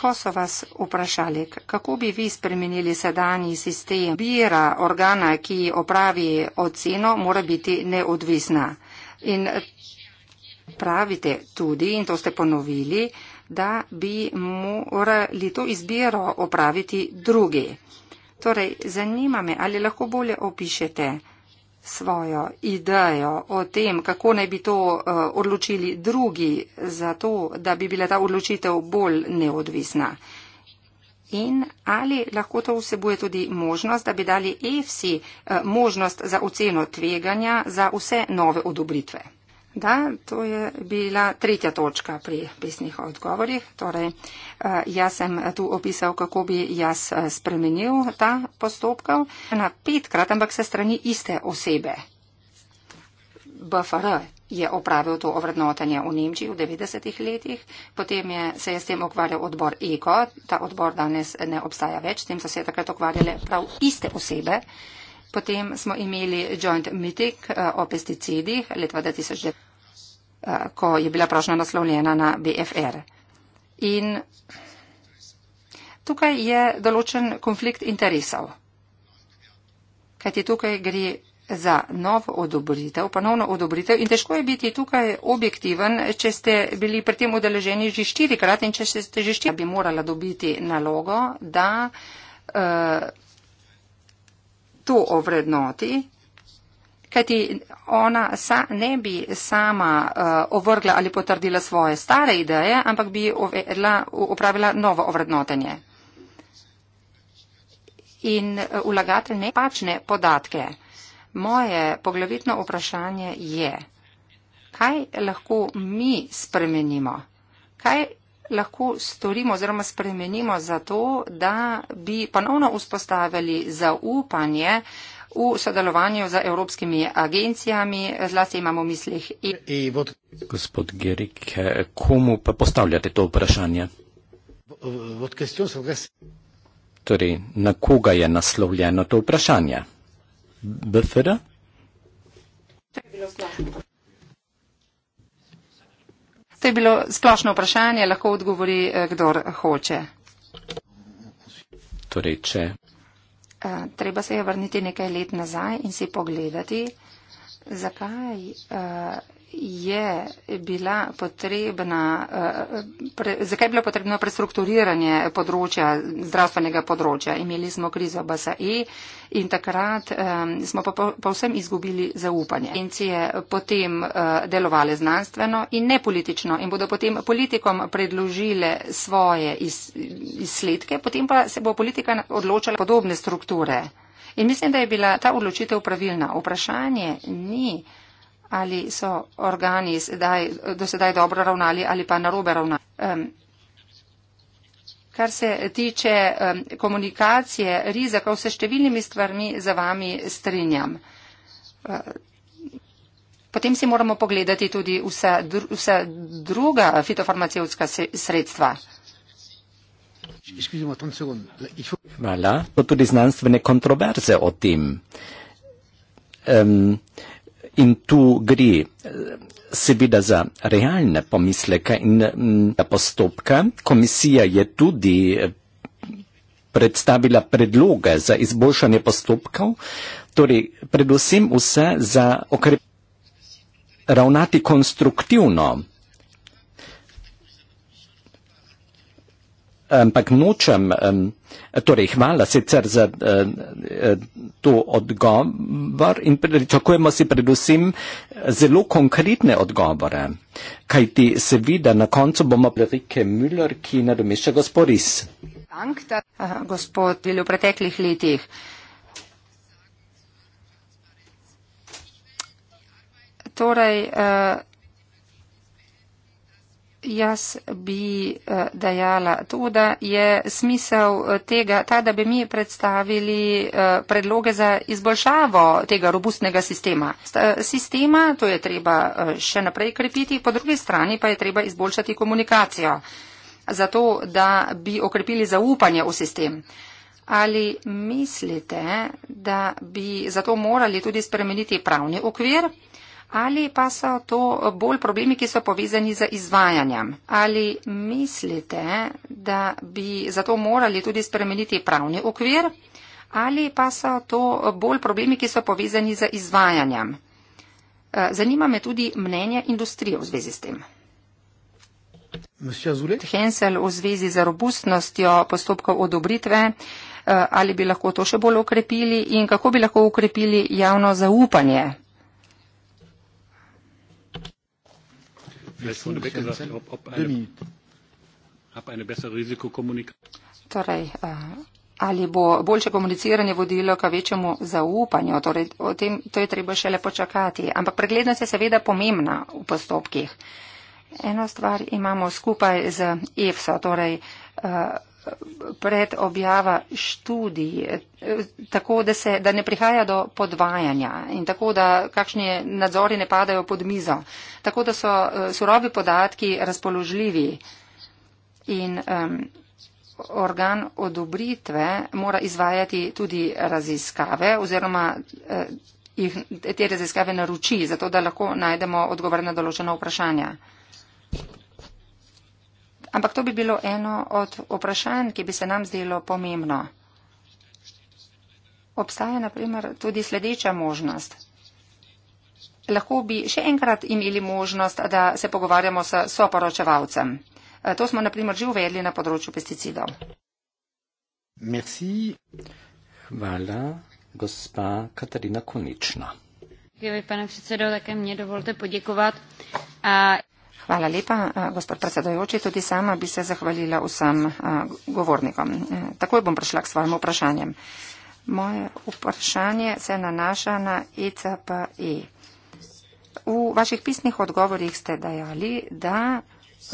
Ko so vas vprašali, kako bi vi spremenili sedanji sistem, bira organa, ki opravi oceno, mora biti neodvisna. In pravite tudi, in to ste ponovili, da bi morali to izbiro opraviti drugi. Torej, zanima me, ali lahko bolje opišete svojo idejo o tem, kako naj bi to eh, odločili drugi, zato da bi bila ta odločitev bolj neodvisna. In ali lahko to vsebuje tudi možnost, da bi dali EFSI eh, možnost za oceno tveganja za vse nove odobritve? Da, to je bila tretja točka pri pisnih odgovorih. Torej, eh, jaz sem tu opisal, kako bi jaz eh, spremenil ta postopkov na petkrat, ampak se strani iste osebe. BFR je opravil to ovrednotenje v Nemčiji v 90-ih letih, potem je, se je s tem ukvarjal odbor ECO, ta odbor danes ne obstaja več, s tem so se takrat ukvarjale prav iste osebe. Potem smo imeli joint meeting eh, o pesticidih leta 2009, eh, ko je bila prošnja naslovljena na BFR. In tukaj je določen konflikt interesov. Kajti tukaj gre za novo odobritev, ponovno odobritev in težko je biti tukaj objektiven, če ste bili pri tem udeleženi že štirikrat in če ste že štirikrat, bi morala dobiti nalogo, da. Uh, to ovrednoti, kajti ona sa, ne bi sama uh, ovrgla ali potrdila svoje stare ideje, ampak bi uvedla, upravila novo ovrednotenje. In ulagatelj eh, ne pačne podatke. Moje poglavitno vprašanje je, kaj lahko mi spremenimo? Kaj lahko storimo oziroma spremenimo za to, da bi ponovno vzpostavili zaupanje v sodelovanju z evropskimi agencijami, zlasti imamo v mislih. E- e Gospod Gerik, komu pa postavljate to vprašanje? Torej, na koga je naslovljeno to vprašanje? BFR? To je bilo splošno vprašanje, lahko odgovori, eh, kdor hoče. Torej, če. Eh, treba se je vrniti nekaj let nazaj in si pogledati, zakaj eh, je bila potrebna, eh, pre, zakaj je bilo potrebno prestrukturiranje področja, zdravstvenega področja. Imeli smo krizo BSE in takrat um, smo pa povsem po izgubili zaupanje. Agencije potem uh, delovale znanstveno in ne politično in bodo potem politikom predložile svoje iz, izsledke, potem pa se bo politika odločala podobne strukture. In mislim, da je bila ta odločitev pravilna. Vprašanje ni ali so organi sedaj, do sedaj dobro ravnali ali pa narobe ravnali. Um, kar se tiče um, komunikacije rizikov, se številnimi stvarmi za vami strinjam. Uh, potem si moramo pogledati tudi vsa, dru, vsa druga fitofarmacevska sredstva. Hvala. To tudi znanstvene kontroverze o tem. Um, in tu gre eh, seveda za realne pomisleke in mm, postopke. Komisija je tudi eh, predstavila predloge za izboljšanje postopkov, torej predvsem vse za okrepitev ravnati konstruktivno. ampak nočem, um, torej hvala sicer za uh, to odgovor in pričakujemo si predvsem zelo konkretne odgovore, kajti seveda na koncu bomo prerike Müller, ki nadomešča gosporis. Torej, eh, Jaz bi eh, dajala to, da je smisel eh, tega ta, da bi mi predstavili eh, predloge za izboljšavo tega robustnega sistema. Sistema to je treba še naprej krepiti, po drugi strani pa je treba izboljšati komunikacijo, zato da bi okrepili zaupanje v sistem. Ali mislite, da bi zato morali tudi spremeniti pravni okvir? ali pa so to bolj problemi, ki so povezani z izvajanjem? Ali mislite, da bi zato morali tudi spremeniti pravni okvir? Ali pa so to bolj problemi, ki so povezani z izvajanjem? Eh, zanima me tudi mnenje industrije v zvezi s tem. Hensel v zvezi z robustnostjo postopkov odobritve, eh, ali bi lahko to še bolj ukrepili in kako bi lahko ukrepili javno zaupanje Vielleicht wurde weggesagt, ob, ob eine, hab eine bessere Risikokommunikation. Torej, uh Ali bo boljše komuniciranje vodilo k večjemu zaupanju, torej, tem, to je treba šele počakati. Ampak preglednost je seveda pomembna v postopkih. Eno stvar imamo skupaj z EFSO, torej uh, predobjava študij, eh, tako da, se, da ne prihaja do podvajanja in tako da kakšni nadzori ne padajo pod mizo, tako da so eh, surovi podatki razpoložljivi in um, organ odobritve mora izvajati tudi raziskave oziroma uh, jih te raziskave naroči, zato da lahko najdemo odgovore na določena vprašanja. Ampak to bi bilo eno od vprašanj, ki bi se nam zdelo pomembno. Obstaja naprimer tudi sledeča možnost. Lahko bi še enkrat imeli možnost, da se pogovarjamo s soporočevalcem. E, to smo naprimer že uvedli na področju pesticidov. Merci. Hvala, gospa Katarina Konična. Je, pane predsedo, také mne dovolte poděkovat. A... Hvala lepa, eh, gospod predsedojoči. Tudi sama bi se zahvalila vsem eh, govornikom. Eh, takoj bom prišla k svojim vprašanjem. Moje vprašanje se nanaša na ECPE. E. V vaših pisnih odgovorih ste dejali, da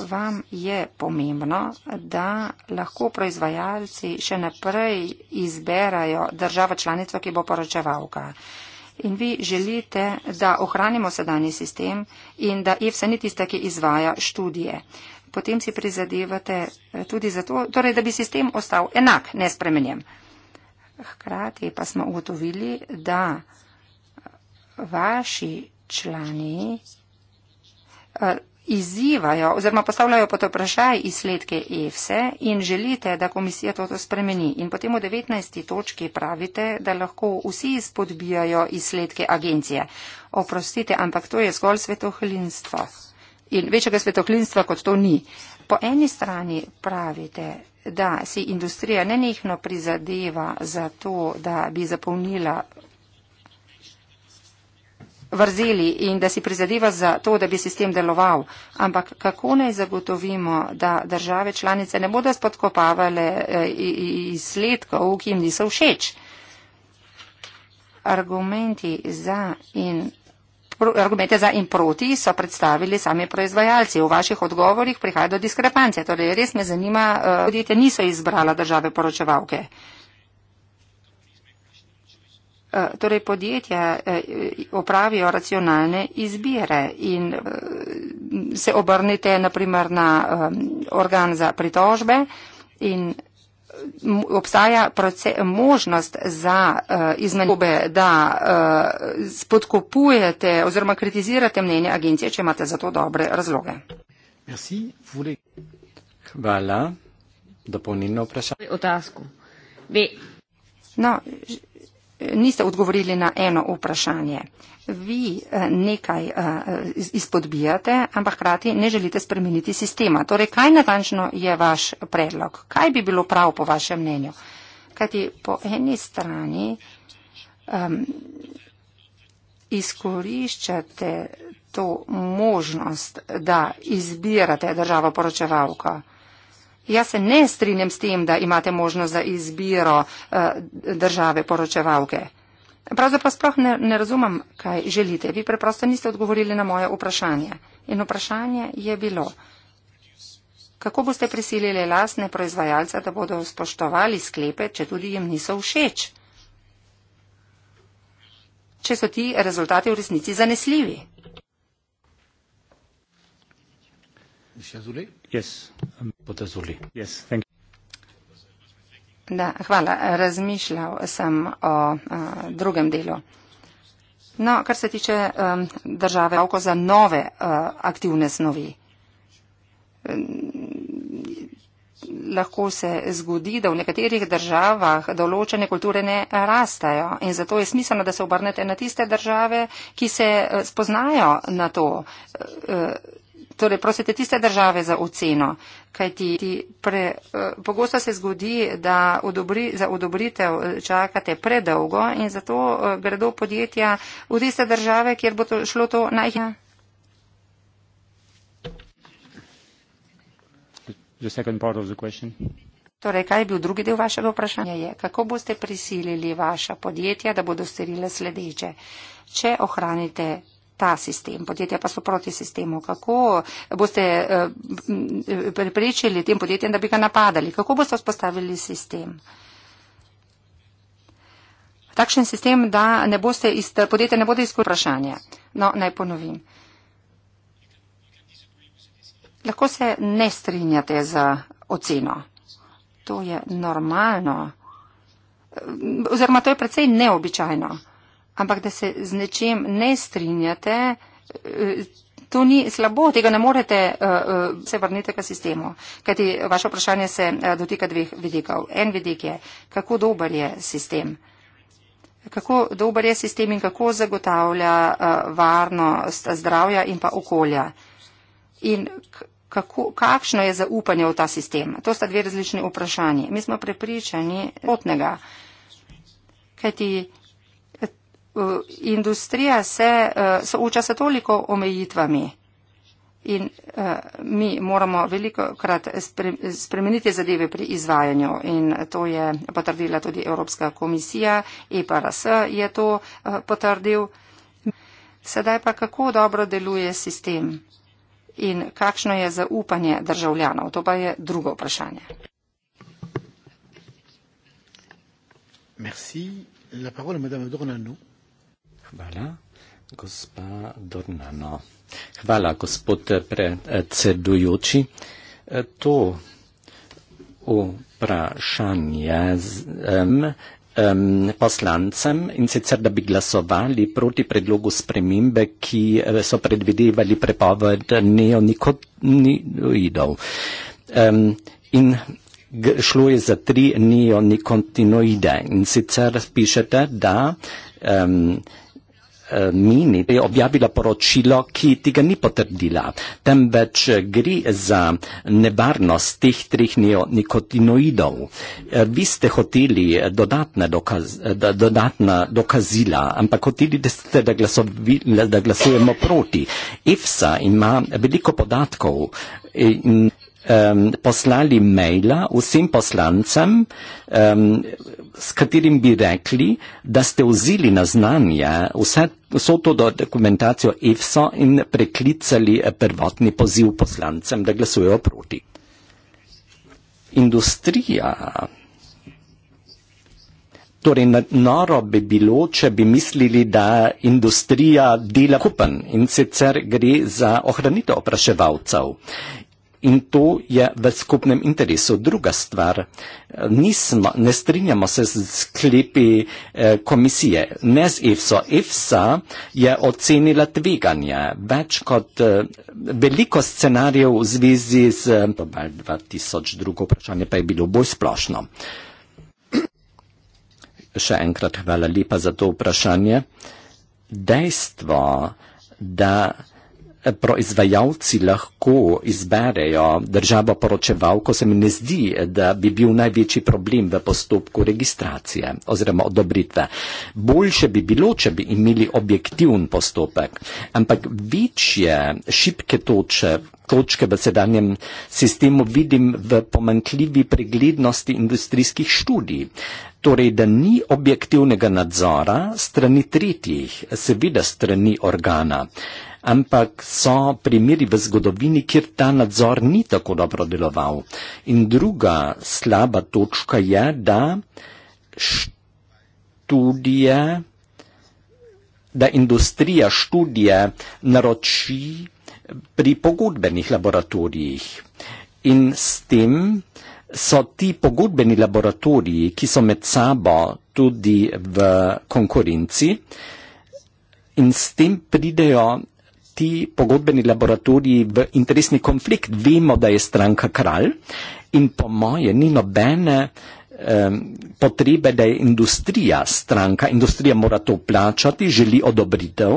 vam je pomembno, da lahko proizvajalci še naprej izberajo državo članico, ki bo poročevalka in vi želite, da ohranimo sedanji sistem in da EFSA ni tista, ki izvaja študije. Potem si prizadevate eh, tudi za to, torej, da bi sistem ostal enak, nespremenjen. Hkrati pa smo ugotovili, da vaši člani eh, izzivajo oziroma postavljajo pod vprašaj izsledke EFSE e in želite, da komisija to spremeni. In potem v 19. točki pravite, da lahko vsi spodbijajo izsledke agencije. Oprostite, ampak to je zgolj svetohlinstvo. In večjega svetohlinstva kot to ni. Po eni strani pravite, da si industrija nenehno prizadeva za to, da bi zapolnila vrzeli in da si prizadeva za to, da bi sistem deloval. Ampak kako naj zagotovimo, da države članice ne bodo spodkopavale eh, izsledkov, ki jim niso všeč? Argumenti za in. Argumente za in proti so predstavili sami proizvajalci. V vaših odgovorih prihaja do diskrepancije. Torej, res me zanima, eh, podjetja niso izbrala države poročevalke. Eh, torej podjetja eh, opravijo racionalne izbire in eh, se obrnite naprimer na organ za pritožbe in obstaja možnost za uh, izmenjave, da uh, spodkopujete oziroma kritizirate mnenje agencije, če imate za to dobre razloge. Merci. Hvala. Dopolnilno vprašanje. No, niste odgovorili na eno vprašanje. Vi eh, nekaj eh, izpodbijate, ampak hkrati ne želite spremeniti sistema. Torej, kaj natančno je vaš predlog? Kaj bi bilo prav po vašem mnenju? Kajti po eni strani um, izkoriščate to možnost, da izbirate državo poročevalko. Jaz se ne strinjam s tem, da imate možnost za izbiro eh, države poročevalke. Pravzaprav sploh ne, ne razumem, kaj želite. Vi preprosto niste odgovorili na moje vprašanje. In vprašanje je bilo, kako boste prisilili lasne proizvajalce, da bodo spoštovali sklepe, če tudi jim niso všeč? Če so ti rezultati v resnici zanesljivi? Da, hvala. Razmišljal sem o a, drugem delu. No, kar se tiče um, države, oko za nove uh, aktivne snovi. Um, lahko se zgodi, da v nekaterih državah določene kulture ne rastajo in zato je smiselno, da se obrnete na tiste države, ki se e, spoznajo na to. Uh, torej prosite tiste države za oceno, kajti pre, eh, pogosto se zgodi, da odobri, za odobritev eh, čakate predolgo in zato eh, gredo podjetja v tiste države, kjer bo to šlo to najhitreje. The second part of the question. Torej, kaj je bil drugi del vašega vprašanja? Je, kako boste prisilili vaša podjetja, da bodo storile sledeče? Če ohranite ta sistem. Podjetja pa so proti sistemu. Kako boste eh, prepričali tem podjetjem, da bi ga napadali? Kako boste vzpostavili sistem? Takšen sistem, da ne boste iz, podjetja ne bodo izkušali vprašanja. No, naj ponovim. Lahko se ne strinjate z oceno. To je normalno. Oziroma, to je predvsej neobičajno ampak da se z nečem ne strinjate, eh, to ni slabo, tega ne morete, eh, eh, se vrnite k sistemu. Kajti vaše vprašanje se dotika dveh vidikov. En vidik je, kako dober je sistem. Kako dober je sistem in kako zagotavlja varnost zdravja in pa okolja. In kako, kakšno je zaupanje v ta sistem? To sta dve različni vprašanji. Mi smo prepričani potnega. Kajti Eh, industrija se uh, eh, souča se toliko omejitvami in uh, mi moramo veliko krat spremeniti zadeve pri izvajanju in to je potrdila tudi Evropska komisija, EPRS je to uh, potrdil. Sedaj pa kako dobro deluje sistem in kakšno je zaupanje državljanov, to pa je drugo vprašanje. Merci. La parole, madame Dornanou. Hvala, gospa Dornano. Hvala, gospod predsedujoči. To vprašanje z, um, um, poslancem in sicer, da bi glasovali proti predlogu spremembe, ki so predvidevali prepoved neonikotinoidov. Um, in šlo je za tri neonikotinoide. In sicer pišete, da um, Eh, mini e objavila poročilo, ki tega ni potrdila, temveč gre za nevarnost teh treh nikotinoidov. Eh, vi ste hoteli eh, dodatna, dokaz, dodatna dokazila, ampak hoteli ste, da, glasovi, da glasujemo proti. EFSA ima veliko podatkov in um, poslali maila vsem poslancem, um, s katerim bi rekli, da ste vzeli na znanje vse, vso to dokumentacijo EFSO in preklicali eh, prvotni poziv poslancem, da glasujejo proti. Industrija. Torej, noro bi bilo, če bi mislili, da industrija dela kupen in sicer gre za ohranitev opraševalcev. In to je v skupnem interesu. Druga stvar, nismo, ne strinjamo se z sklepi eh, komisije, ne z EFSO. EFSA je ocenila tveganje več kot eh, veliko scenarijev v zvezi z eh, 2002. vprašanje pa je bilo bolj splošno. Še enkrat hvala lepa za to vprašanje. Dejstvo, da proizvajalci lahko izberejo državo poročevalko, se mi ne zdi, da bi bil največji problem v postopku registracije oziroma odobritve. Boljše bi bilo, če bi imeli objektivn postopek, ampak večje šipke toče, točke v sedanjem sistemu vidim v pomankljivi preglednosti industrijskih študij. Torej, da ni objektivnega nadzora strani tretjih, seveda strani organa ampak so primeri v zgodovini, kjer ta nadzor ni tako dobro deloval. In druga slaba točka je, da študije, da industrija študije naroči pri pogodbenih laboratorijih. In s tem so ti pogodbeni laboratoriji, ki so med sabo tudi v konkurenci, in s tem pridejo ti pogodbeni laboratoriji v interesni konflikt. Vemo, da je stranka kralj in po moje ni nobene potrebe, da je industrija stranka, industrija mora to plačati, želi odobritev,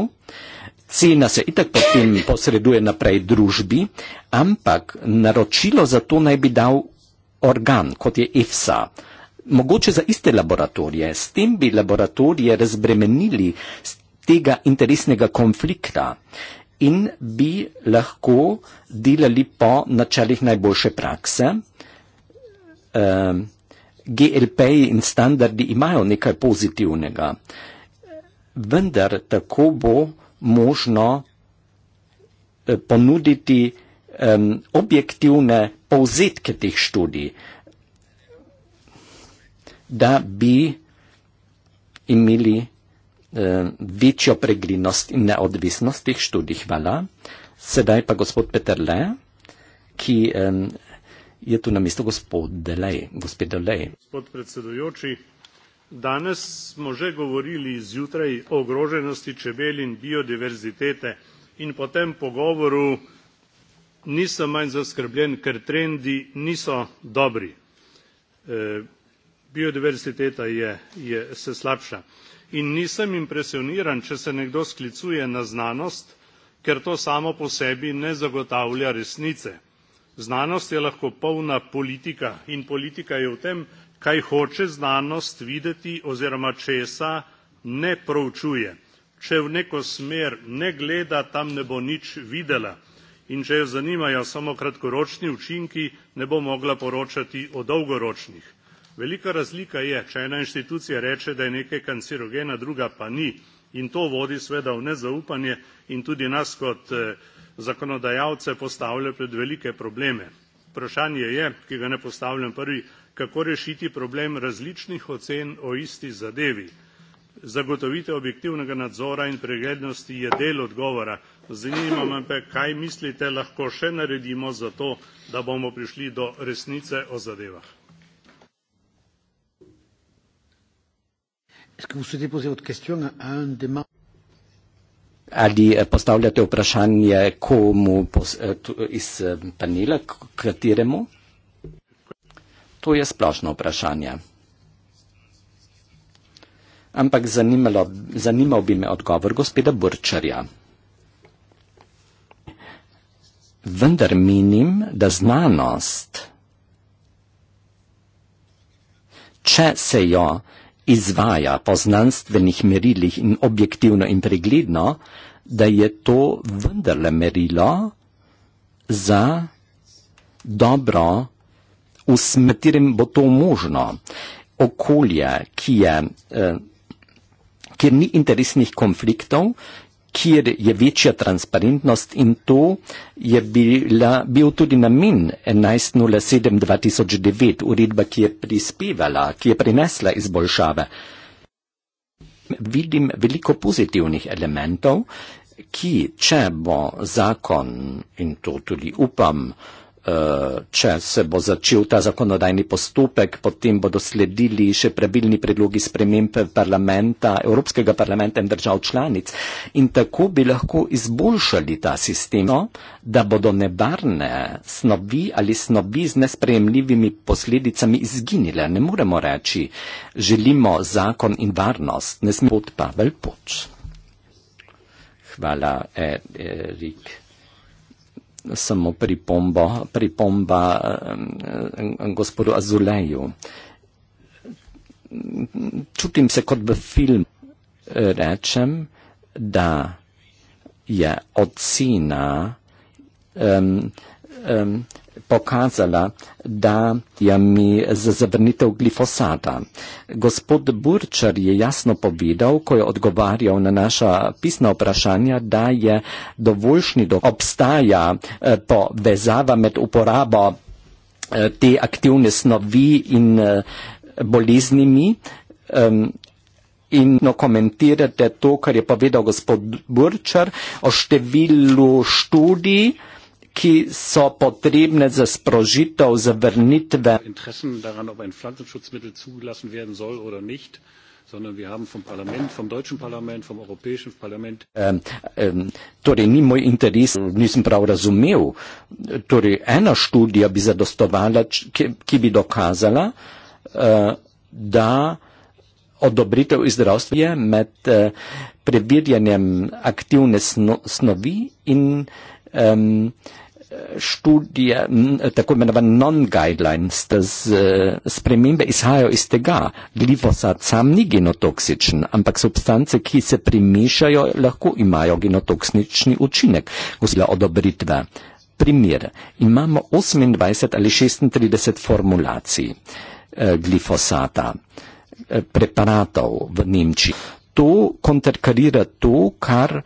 cena se itak potem posreduje naprej družbi, ampak naročilo za to naj bi dal organ, kot je EFSA, mogoče za iste laboratorije, s tem bi laboratorije razbremenili tega interesnega konflikta in bi lahko delali po načelih najboljše prakse. Ehm, GLP in standardi imajo nekaj pozitivnega, vendar tako bo možno eh, ponuditi ehm, objektivne povzetke teh študij, da bi imeli eh, večjo preglednost in neodvisnost teh študij. Hvala. Sedaj pa gospod Peter Le, ki eh, je tu na mesto gospod Delej. Gospod Delej. Gospod predsedujoči, danes smo že govorili zjutraj o ogroženosti čebel in biodiverzitete in po tem pogovoru nisem manj zaskrbljen, ker trendi niso dobri. Eh, biodiverziteta je, je, se slabša. Eh, in nisem impresioniran, če se nekdo sklicuje na znanost, ker to samo po sebi ne zagotavlja resnice. Znanost je lahko polna politika in politika je v tem, kaj hoče znanost videti oziroma česa ne proučuje. Če v neko smer ne gleda, tam ne bo nič videla. In če jo zanimajo samo kratkoročni učinki, ne bo mogla poročati o dolgoročnih. Velika razlika je, če ena inštitucija reče, da je nekaj kancerogena, druga pa ni. In to vodi sveda v nezaupanje in tudi nas kot eh, zakonodajalce postavlja pred velike probleme. Vprašanje je, ki ga ne postavljam prvi, kako rešiti problem različnih ocen o isti zadevi. Zagotovitev objektivnega nadzora in preglednosti je del odgovora. Zanima me, kaj mislite, lahko še naredimo za to, da bomo prišli do resnice o zadevah. Est-ce que vous souhaitez poser votre question à un des membres ali eh, postavljate vprašanje komu eh, eh, iz panela, kateremu? To je splošno vprašanje. Ampak zanimalo, zanimal bi me odgovor gospoda Burčarja. Vendar menim, da znanost, če se jo izvaja po znanstvenih merilih in objektivno in pregledno, da je to vendarle merilo za dobro, v katerem bo to možno. Okolje, ki je, eh, kjer ni interesnih konfliktov, eh, kjer je večja transparentnost in to je bila, bil tudi namen 11.07.2009 uredba, ki je prispevala, ki je prinesla izboljšave. Vidim veliko pozitivnih elementov, ki, če bo zakon in to tudi upam, Eh, če se bo začel ta zakonodajni postopek, potem bodo sledili še pravilni predlogi sprememb parlamenta, Evropskega parlamenta in držav članic. In tako bi lahko izboljšali ta sistem, no, da bodo nevarne snovi ali snovi z nespremljivimi posledicami izginile. Ne moremo reči, želimo zakon in varnost. Ne smemo pod Pavel Poč. Hvala, Erik. Eh, eh, samo pripombo, pripomba eh, gospodu Azuleju. Čutim se kot v film. Rečem, da je od sina um, um, pokazala, da je mi za zavrnitev glifosata. Gospod Burčar je jasno povedal, ko je odgovarjal na naša pisna vprašanja, da je dovoljšnji dokaz, obstaja eh, povezava med uporabo eh, te aktivne snovi in eh, boleznimi. In no komentirate to, kar je povedal gospod Burčar o številu študij, ki so potrebne za sprožitev zavrnitve. sondern wir haben vom Parlament, vom deutschen Parlament, vom europäischen Parlament. Ähm, ähm, torej, ni moj interes, nisem prav razumel. Torej, ena študija bi zadostovala, ki, ki bi dokazala, uh, da odobritev izdravstva je med uh, preverjanjem aktivne sno, snovi in um, študije, tako imenovane non-guidelines, da z, spremembe izhajajo iz tega. Glifosat sam ni genotoksičen, ampak substance, ki se primišajo, lahko imajo genotoksični učinek, oziroma odobritve. Primer, imamo 28 ali 36 formulacij eh, glifosata, eh, preparatov v Nemčiji. To kontrkarira to, kar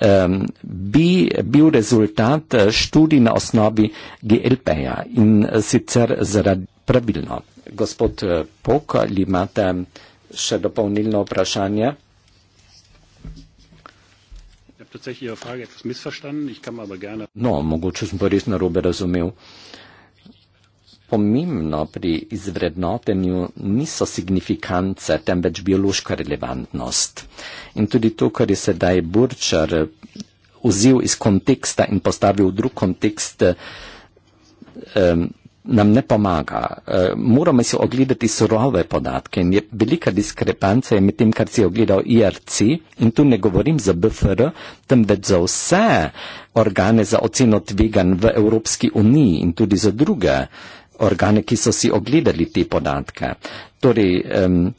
um, bi bil rezultat eh, študij na osnovi GLP-ja in eh, sicer zaradi pravilno. Gospod eh, Pok, ali imate ehm, še dopolnilno vprašanje? No, mogoče sem pa res narobe razumel. Uh, pomembno pri izvrednotenju niso signifikance, temveč biološka relevantnost. In tudi to, kar je sedaj Burčar vzel iz konteksta in postavil v drug kontekst, nam ne pomaga. Moramo si ogledati surove podatke in je velika diskrepanca je med tem, kar si je ogledal IRC in tu ne govorim za BFR, temveč za vse organe za oceno tvegan v Evropski uniji in tudi za druge organe, ki so si ogledali te podatke. Torej, um,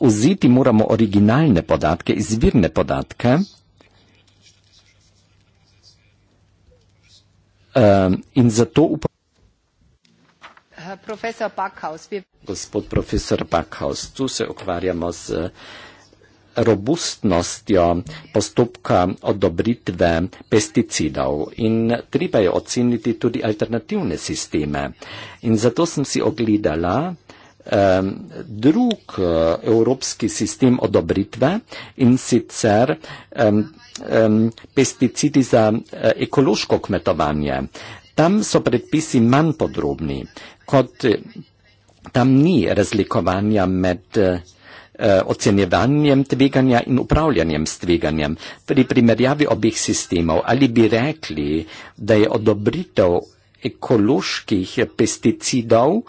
vzeti moramo originalne podatke, izvirne podatke um, in zato upoštevati. Profesor Backhaus, vi... Gospod profesor Backhaus, tu se ukvarjamo z uh, robustnostjo postopka odobritve pesticidov in treba je oceniti tudi alternativne sisteme. In zato sem si ogledala eh, drug eh, evropski sistem odobritve in sicer eh, eh, pesticidi za eh, ekološko kmetovanje. Tam so predpisi manj podrobni, kot eh, tam ni razlikovanja med. Eh, Eh, ocenjevanjem tveganja in upravljanjem s tveganjem. Pri primerjavi obih sistemov ali bi rekli, da je odobritev ekoloških pesticidov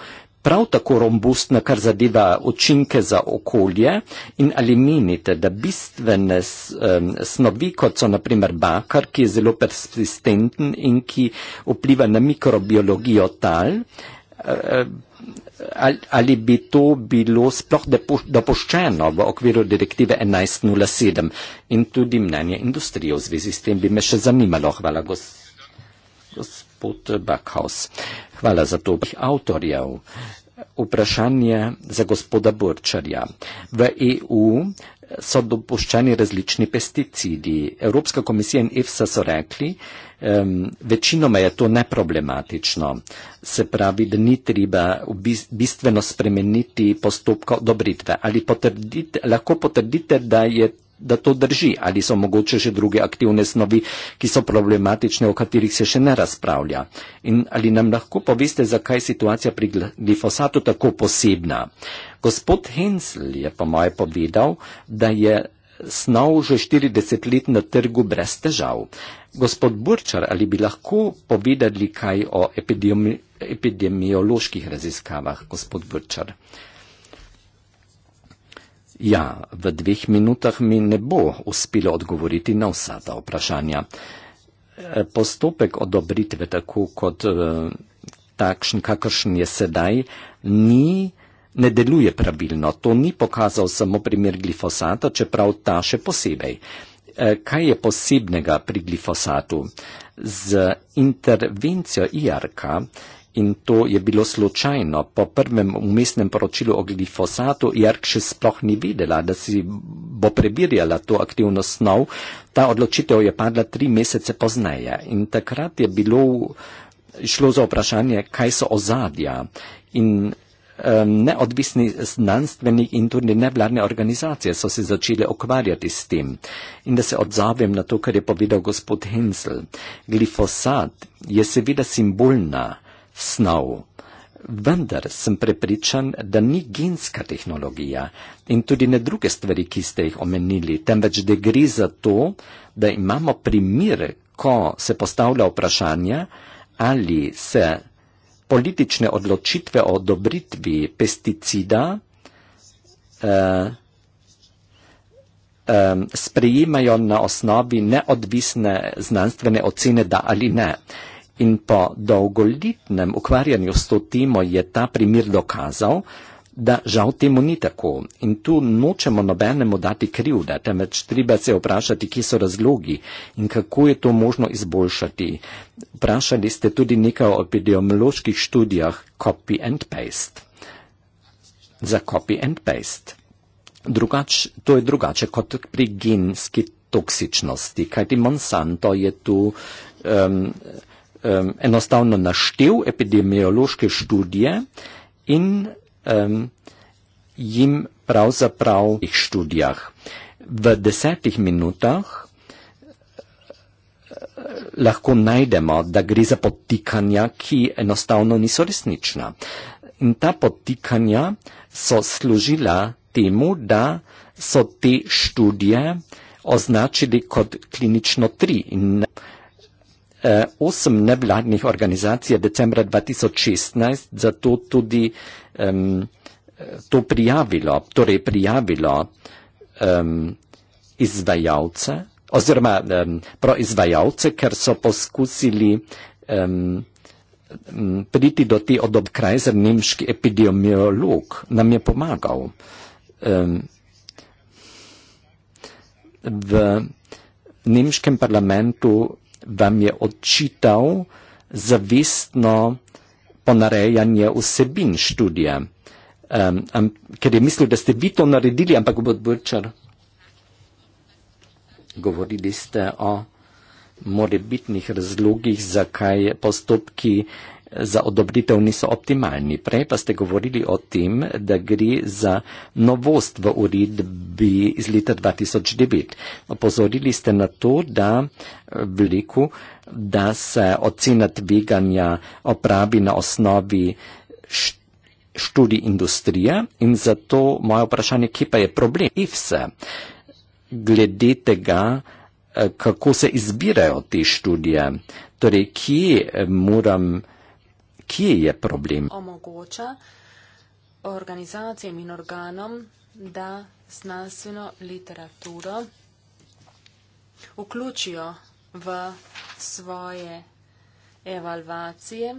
prav tako robustna, kar zadeva učinke za okolje in ali menite, da bistvene snovi, kot so naprimer bakar, ki je zelo persistenten in ki vpliva na mikrobiologijo tal, eh, ali, ali bi to bilo sploh dopuščeno v okviru direktive 1107 in tudi mnenje industrije v zvezi s tem bi me še zanimalo. Hvala, gos, gospod Backhaus. Hvala za to. Avtorjev, vprašanje za gospoda Borčarja. V EU so dopuščeni različni pesticidi. Evropska komisija in IFSA so rekli, um, večinoma je to neproblematično. Se pravi, da ni treba bistveno spremeniti postopka odobritve. Ali potrdite, lahko potrdite, da je da to drži ali so mogoče še druge aktivne snovi, ki so problematične, o katerih se še ne razpravlja. In ali nam lahko poveste, zakaj je situacija pri glifosatu tako posebna? Uh, Gospod Hensel je po moje povedal, da je snov že 40 let na trgu brez težav. Gospod Burčar, ali bi lahko povedali kaj o epidemi epidemioloških raziskavah, gospod Burčar? Ja, v dveh minutah mi ne bo uspelo odgovoriti na vsa ta vprašanja. E, postopek odobritve, tako kot e, takšen, kakršen je sedaj, ni ne deluje pravilno. To ni pokazal samo primer glifosata, čeprav ta še posebej. Eh, kaj je posebnega pri glifosatu? Z intervencijo IRK, in to je bilo slučajno, po prvem umestnem poročilu o glifosatu, IRK še sploh ni vedela, da si bo prebirjala to aktivno snov, ta odločitev je padla tri mesece pozneje. In takrat je bilo šlo za vprašanje, kaj so ozadja. In neodvisni znanstvenik in tudi nevladne organizacije so se začele okvarjati s tem. In da se odzavem na to, kar je povedal gospod Hensel. Glifosat je seveda simbolna snov. Vendar sem prepričan, da ni genska tehnologija in tudi ne druge stvari, ki ste jih omenili, temveč da gre za to, da imamo primir, ko se postavlja vprašanje, ali se politične odločitve o odobritvi pesticida eh, eh, sprejemajo na osnovi neodvisne znanstvene ocene, da ali ne. In po dolgolitnem ukvarjanju s to temo je ta primer dokazal, da žal temu ni tako in tu nočemo nobenemu dati krivde, temveč treba se vprašati, kje so razlogi in kako je to možno izboljšati. Vprašali ste tudi nekaj o epidemioloških študijah copy and paste. Za copy and paste. Drugač, to je drugače kot pri genski toksičnosti, kajti Monsanto je tu um, um, enostavno naštel epidemiološke študije in um, jim pravzaprav v študijah. V desetih minutah eh, lahko najdemo, da gre za potikanja, ki enostavno niso resnična. In ta potikanja so služila temu, da so te študije označili kot klinično tri eh, osem nevladnih organizacij je decembra 2016 zato tudi um, to prijavilo, torej prijavilo um, izvajalce oziroma um, proizvajalce, ker so poskusili um, priti do te odobkrajzer nemški epidemiolog, nam je pomagal. Um, v nemškem parlamentu vam je odčital zavestno ponarejanje vsebin študije. Um, um, ker je mislil, da ste vi to naredili, ampak bo odbrčar. Govorili ste o morebitnih razlogih, zakaj postopki uh, za odobritev niso optimalni. Prej pa ste govorili o tem, da gre za novost v uredbi iz leta 2009. Opozorili ste na to, da v liku, da se ocena tveganja opravi na osnovi študij industrija in zato moje vprašanje, kje pa je problem? In vse, glede tega, eh, kako se izbirajo te študije, torej kje eh, moram kje je problem? Omogoča organizacijam in organom, da znanstveno literaturo vključijo v svoje evalvacije.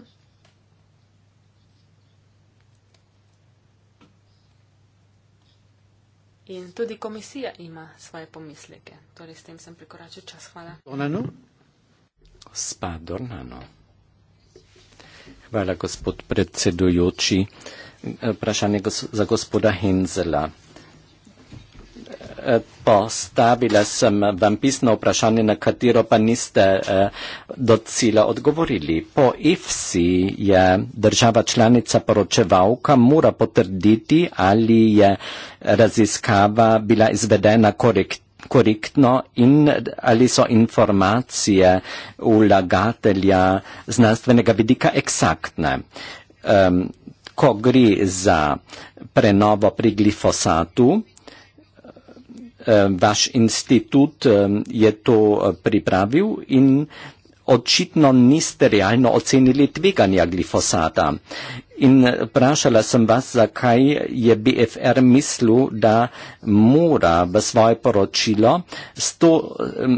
In tudi komisija ima svoje pomisleke. Torej, s tem sem prekoračil čas. Hvala. Spadornano. Spadornano. Hvala, gospod predsedujoči. Vprašanje za gospoda Henzela. E, postavila sem vam pisno vprašanje, na katero pa niste e, do cilja odgovorili. Po IFSI je država članica poročevalka, mora potrditi, ali je raziskava bila izvedena korektivno korektno in ali so informacije vlagatelja znanstvenega vidika eksaktne. Um, ko gre za prenovo pri glifosatu, um, vaš institut um, je to eh, pripravil in um, očitno niste realno ocenili tveganja glifosata. In eh, vprašala sem vas, zakaj je BFR mislil, da mora v svoje poročilo sto, um,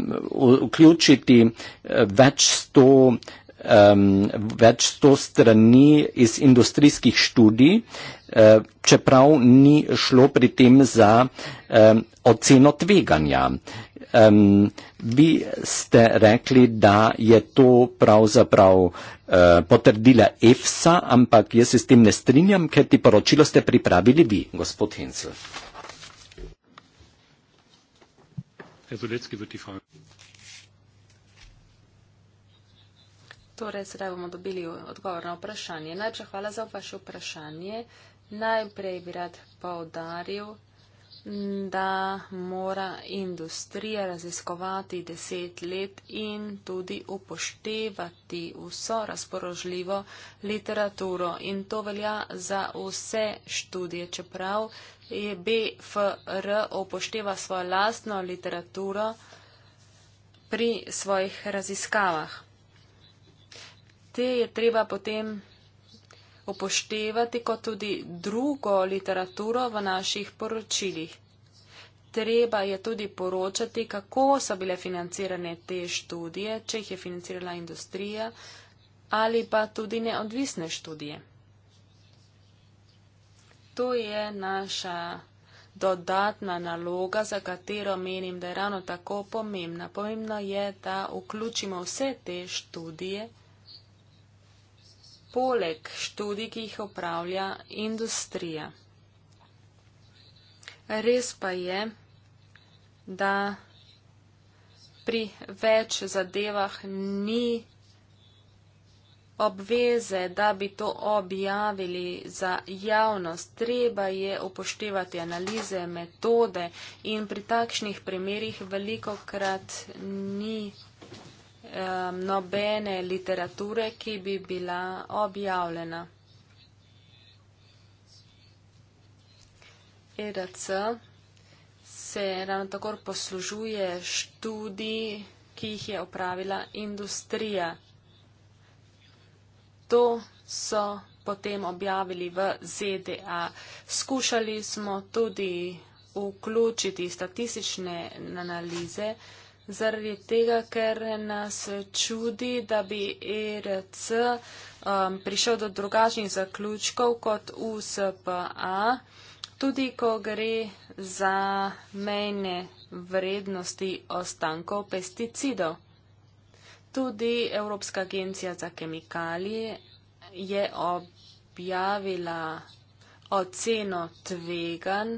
vključiti eh, več sto, um, več sto strani iz industrijskih študij, uh, čeprav ni šlo pri tem za um, oceno tveganja um, vi ste rekli, da je to pravzaprav uh, potrdila EFSA, ampak jaz se s tem ne strinjam, ker ti poročilo ste pripravili vi, gospod Hensel. Torej, sedaj bomo dobili odgovor na vprašanje. Najprej hvala za vaše vprašanje. Najprej bi rad povdaril, da mora industrija raziskovati deset let in tudi upoštevati vso razporožljivo literaturo. In to velja za vse študije, čeprav je BFR upošteva svojo lastno literaturo pri svojih raziskavah. Te je treba potem upoštevati kot tudi drugo literaturo v naših poročilih. Treba je tudi poročati, kako so bile financirane te študije, če jih je financirala industrija ali pa tudi neodvisne študije. To je naša dodatna naloga, za katero menim, da je ravno tako pomembna. Pomembno je, da vključimo vse te študije poleg študij, ki jih opravlja industrija. Res pa je, da pri več zadevah ni obveze, da bi to objavili za javnost. Treba je upoštevati analize, metode in pri takšnih primerjih veliko krat ni obveze um, nobene literature, ki bi bila objavljena. ERC se ravno tako poslužuje študij, ki jih je opravila industrija. To so potem objavili v ZDA. Skušali smo tudi vključiti statistične analize, uh, zaradi tega, ker nas čudi, da bi ERC um, prišel do drugačnih zaključkov kot USPA, tudi ko gre za mejne vrednosti ostankov pesticidov. Tudi Evropska agencija za kemikalije je objavila oceno tveganj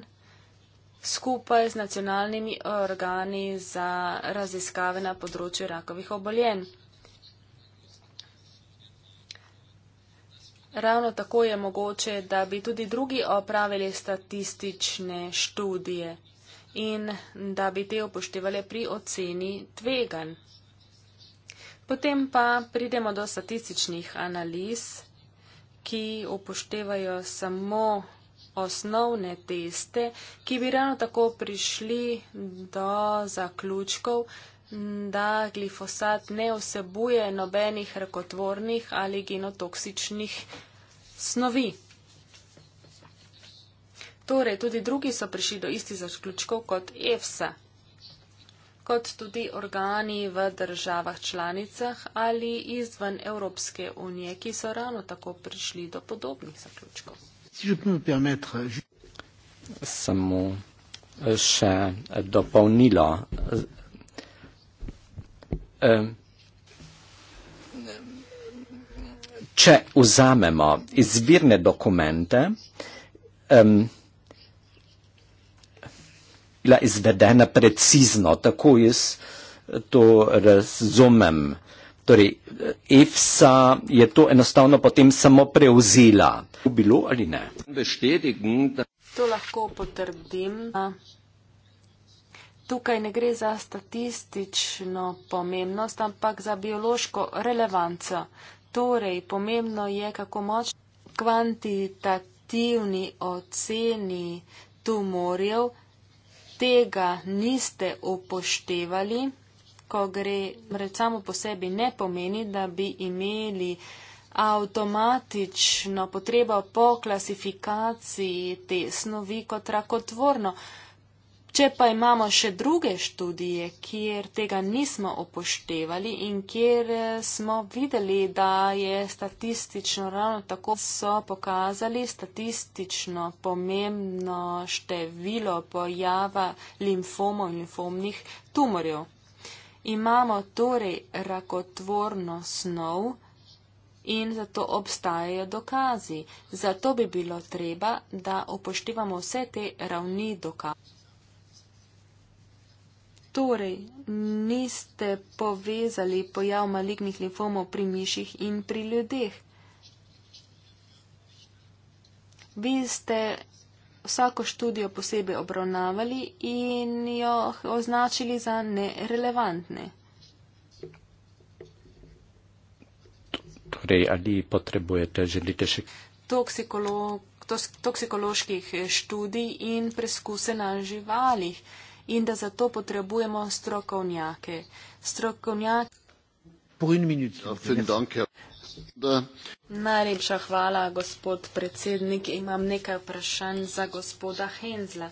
skupaj z nacionalnimi organi za raziskave na področju rakovih obolenj. Ravno tako je mogoče, da bi tudi drugi opravili statistične študije in da bi te upoštevali pri oceni tvegan. Potem pa pridemo do statističnih analiz, ki upoštevajo samo osnovne teste, ki bi ravno tako prišli do zaključkov, da glifosat ne vsebuje nobenih rakotvornih ali genotoksičnih snovi. Torej, tudi drugi so prišli do istih zaključkov kot EFSA, kot tudi organi v državah članicah ali izven Evropske unije, ki so ravno tako prišli do podobnih zaključkov. Si je peux me permettre. Samo eh, še eh, dopolnilo. Eh, če vzamemo izvirne dokumente, bila izvedena precizno, tako jaz to razumem. Torej, EFSA je to enostavno potem samo prevzela. Bilo ali ne? To lahko potrdim. Tukaj ne gre za statistično pomembnost, ampak za biološko relevanco. Torej, pomembno je, kako močno kvantitativni oceni tumorjev tega niste upoštevali ko gre recimo po sebi, ne pomeni, da bi imeli avtomatično potrebo po klasifikaciji te snovi kot rakotvorno. Če pa imamo še druge študije, kjer tega nismo upoštevali in kjer eh, smo videli, da je statistično ravno tako so pokazali statistično pomembno število pojava limfomov in limfomnih tumorjev imamo torej rakotvorno snov in zato obstajajo dokazi. Zato bi bilo treba, da upoštevamo vse te ravni dokazov. Torej, niste povezali pojav malignih limfomov pri miših in pri ljudeh. Vi ste vsako študijo posebej obravnavali in jo označili za nerelevantne. Torej, ali potrebujete, želite še? Toksikolo, tos, toksikoloških eh, študij in preskuse na živalih in da za to potrebujemo strokovnjake. Strokovnjak. Minute, Vsem, dank, ja. Najlepša hvala, gospod predsednik. Imam nekaj vprašanj za gospoda Henzla.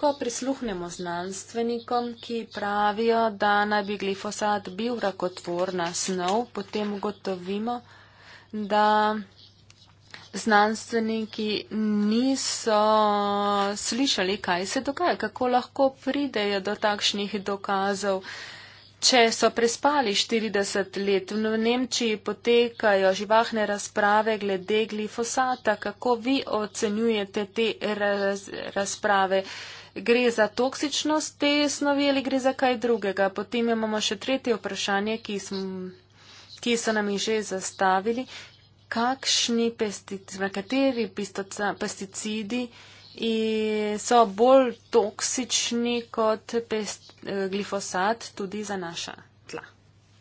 Ko prisluhnemo znanstvenikom, ki pravijo, da naj bi glifosat bil rakotvorna snov, potem ugotovimo, da znanstveniki niso slišali, kaj se dogaja, kako lahko pridejo do takšnih dokazov. Uh, Če so prespali 40 let, v Nemčiji potekajo živahne razprave glede glifosata. Kako vi ocenjujete te raz razprave? Gre za toksičnost te snovi ali gre za kaj drugega? Potem imamo še tretje vprašanje, ki, sm, ki so nam jih že zastavili. Kakšni pesticidi, na kateri pesticidi? so bolj toksični kot pest, eh, glifosat tudi za naša tla.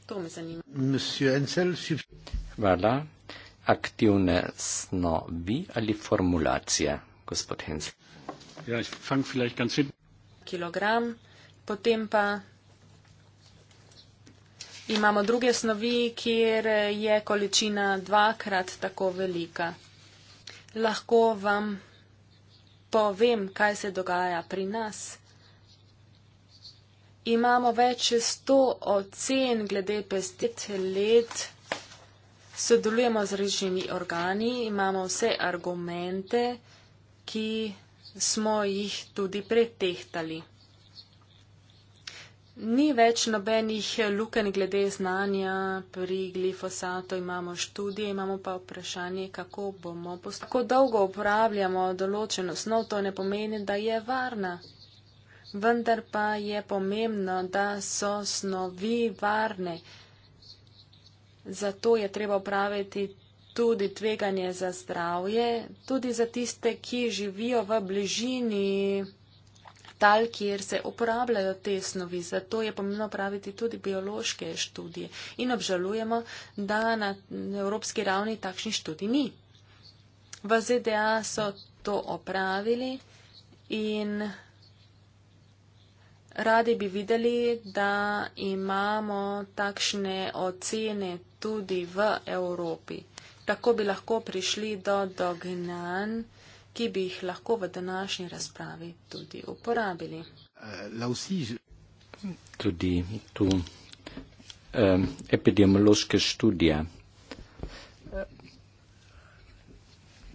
To me zanima. Hvala. Aktivne snovi ali formulacije, gospod Hensel? Ja, Kilogram, potem pa imamo druge snovi, kjer je količina dvakrat tako velika. Lahko vam lahko vem, kaj se dogaja pri nas. Imamo več sto ocen glede pestite let, sodelujemo z režimi organi, imamo vse argumente, ki smo jih tudi pretehtali. Ni več nobenih luken glede znanja pri glifosato, imamo študije, imamo pa vprašanje, kako bomo postopali. Ko dolgo uporabljamo določeno snov, to ne pomeni, da je varna. Vendar pa je pomembno, da so snovi varne. Zato je treba upraviti tudi tveganje za zdravje, tudi za tiste, ki živijo v bližini tal, kjer se uporabljajo te snovi. Zato je pomembno praviti tudi biološke študije. In obžalujemo, da na evropski ravni takšni študij ni. V ZDA so to opravili in radi bi videli, da imamo takšne ocene tudi v Evropi. Tako bi lahko prišli do dognanj ki bi jih lahko v današnji razpravi tudi uporabili. Eh, tudi tu eh, epidemiološke študije.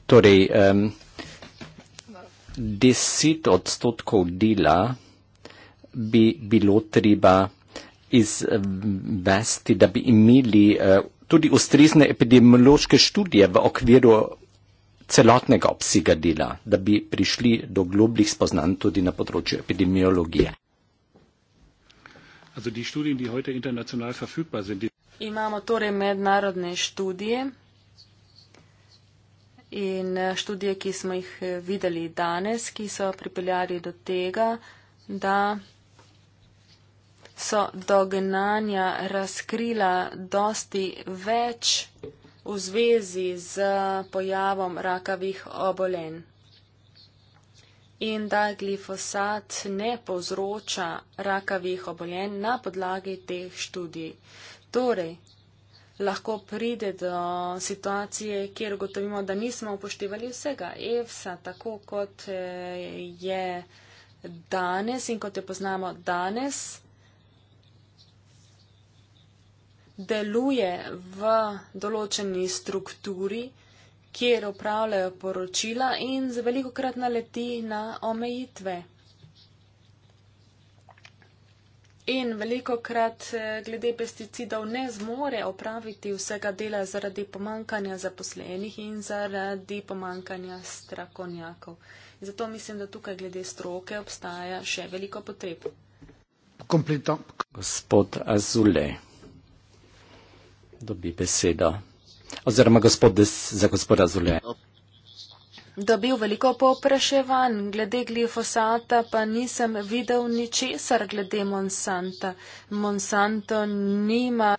Torej, eh, deset odstotkov dela bi bilo treba izvesti, da bi imeli eh, tudi ustrezne epidemiološke študije v okviru celotnega obsega dela, da bi prišli do globljih spoznanj tudi na področju epidemiologije. Imamo torej mednarodne študije in eh, študije, ki smo jih eh, videli danes, ki so pripeljali do tega, da so dognanja razkrila dosti več v zvezi z pojavom rakavih obolenj. In da glifosat ne povzroča rakavih obolenj na podlagi teh študij. Torej, lahko pride do situacije, kjer gotovimo, da nismo upoštevali vsega. EFSA, tako kot eh, je danes in kot jo poznamo danes, deluje v določeni strukturi, kjer upravljajo poročila in z veliko krat naleti na omejitve. In veliko krat eh, glede pesticidov ne zmore opraviti vsega dela zaradi pomankanja zaposlenih in zaradi pomankanja strakonjakov. In zato mislim, da tukaj glede stroke obstaja še veliko potreb. Completo. Gospod Azule dobi besedo. Oziroma gospod des, za gospoda Zule. Dobil veliko popraševanj, glede glifosata pa nisem videl ničesar glede Monsanta. Monsanto nima.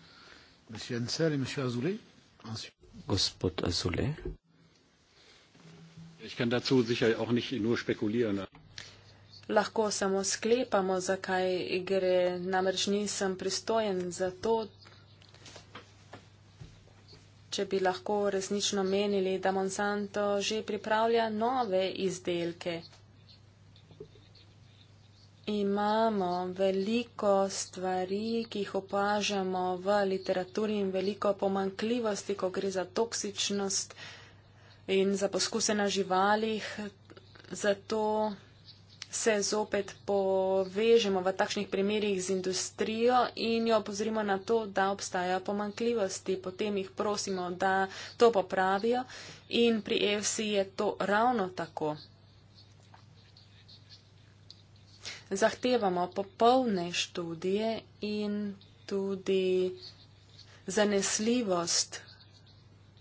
Gospod Zule. Lahko samo sklepamo, zakaj gre, namreč nisem pristojen za to, če bi lahko resnično menili, da Monsanto že pripravlja nove izdelke. Imamo veliko stvari, ki jih opažamo v literaturi in veliko pomankljivosti, ko gre za toksičnost in za poskuse na živalih. Zato se zopet povežemo v takšnih primerjih z industrijo in jo opozorimo na to, da obstajajo pomankljivosti. Potem jih prosimo, da to popravijo in pri EFC je to ravno tako. Zahtevamo popolne študije in tudi zanesljivost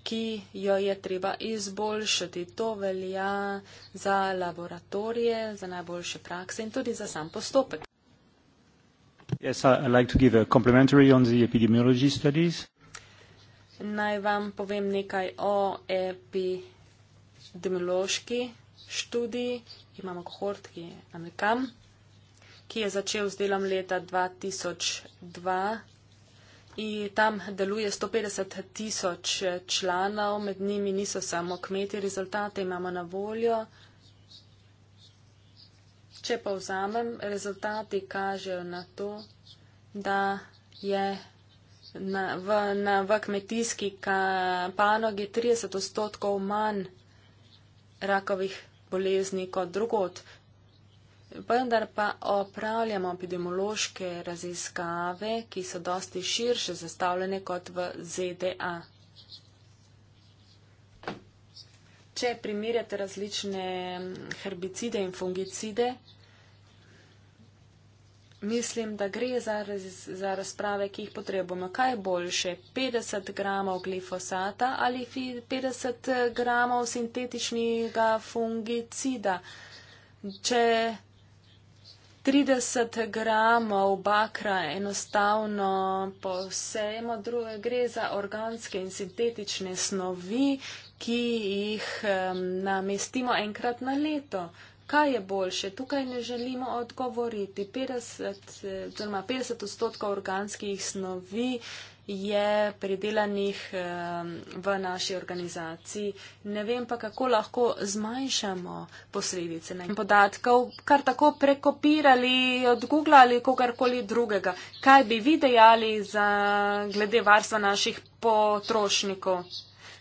ki jo je treba izboljšati. To velja za laboratorije, za najboljše prakse in tudi za sam postopek. Yes, like Naj vam povem nekaj o epidemiološki študiji. Imamo kohort, ki je, kam, ki je začel z delom leta 2002. In tam deluje 150 tisoč eh, članov, med njimi niso samo kmeti, rezultate imamo na voljo. Če pa vzamem, rezultati kažejo na to, da je na, v, na, v kmetijski panogi 30 odstotkov manj rakovih bolezni kot drugot vendar pa opravljamo epidemiološke raziskave, ki so dosti širše zastavljene kot v ZDA. Če primerjate različne herbicide in fungicide, mislim, da gre za, raz, za razprave, ki jih potrebujemo. Kaj je boljše, 50 gramov glifosata ali 50 gramov sintetičnega fungicida? Če 30 gramov bakra enostavno posejemo, druge gre za organske in sintetične snovi, ki jih namestimo enkrat na leto. Kaj je boljše? Tukaj ne želimo odgovoriti. 50, 50 odstotkov organskih snovi je predelanih v naši organizaciji. Ne vem pa, kako lahko zmanjšamo posledice ne? podatkov, kar tako prekopirali od Google ali kogarkoli drugega. Kaj bi vi dejali za glede varstva naših potrošnikov?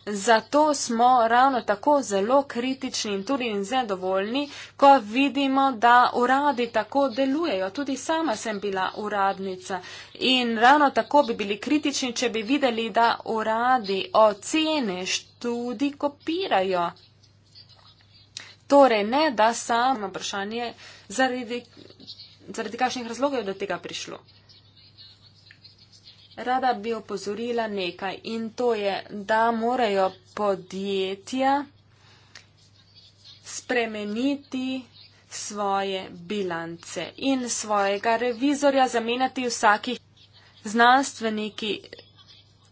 Zato smo ravno tako zelo kritični in tudi nezadovoljni, ko vidimo, da uradi tako delujejo. Tudi sama sem bila uradnica in ravno tako bi bili kritični, če bi videli, da uradi ocene študi kopirajo. Torej, ne da samo vprašanje, zaradi, zaradi kakšnih razlogov je do tega prišlo rada bi opozorila nekaj in to je, da morajo podjetja spremeniti svoje bilance in svojega revizorja zamenjati vsakih. Znanstveniki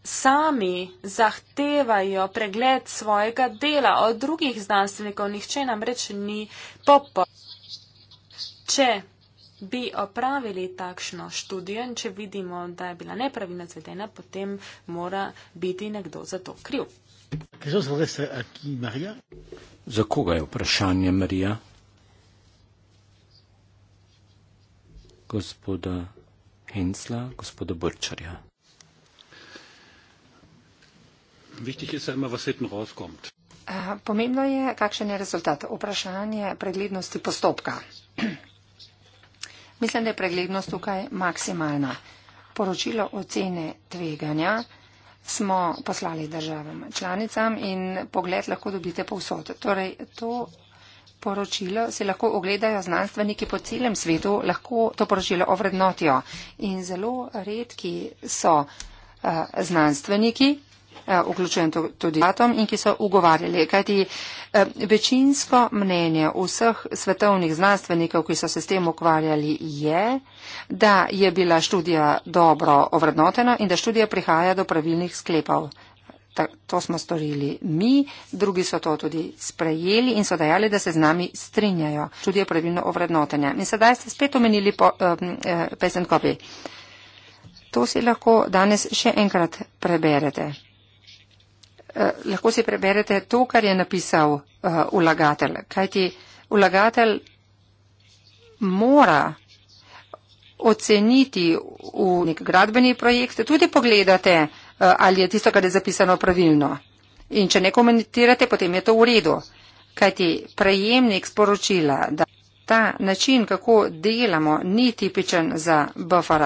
sami zahtevajo pregled svojega dela od drugih znanstvenikov, nihče namreč ni popo. Če bi opravili takšno študijo in če vidimo, da je bila nepravilno zvedena, potem mora biti nekdo za to kriv. Za koga je vprašanje Marija? Gospoda Hensla, gospoda Brčarja. Ja eh, pomembno je, kakšen je rezultat. Vprašanje preglednosti postopka. Mislim, da je preglednost tukaj maksimalna. Poročilo ocene tveganja smo poslali državam članicam in pogled lahko dobite povsod. Torej, to poročilo se lahko ogledajo znanstveniki po celem svetu, lahko to poročilo ovrednotijo. In zelo redki so uh, znanstveniki, Eh, vključujem tudi Atom in ki so ugovarjali. Kajti eh, večinsko mnenje vseh svetovnih znanstvenikov, ki so se s tem ukvarjali, je, da je bila študija dobro ovrednotena in da študija prihaja do pravilnih sklepov. To smo storili mi, drugi so to tudi sprejeli in so dejali, da se z nami strinjajo. Študija je pravilno ovrednotena. In sedaj ste spet omenili po, eh, eh pesem Kopi. To si lahko danes še enkrat preberete. Eh, lahko si preberete to, kar je napisal uh, eh, ulagatelj. Kajti ulagatelj mora oceniti v nek gradbeni projekt, tudi pogledate, uh, ali je tisto, kar je zapisano pravilno. In če ne komentirate, potem je to v redu. Kajti prejemnik sporočila, da ta način, kako delamo, ni tipičen za BFR.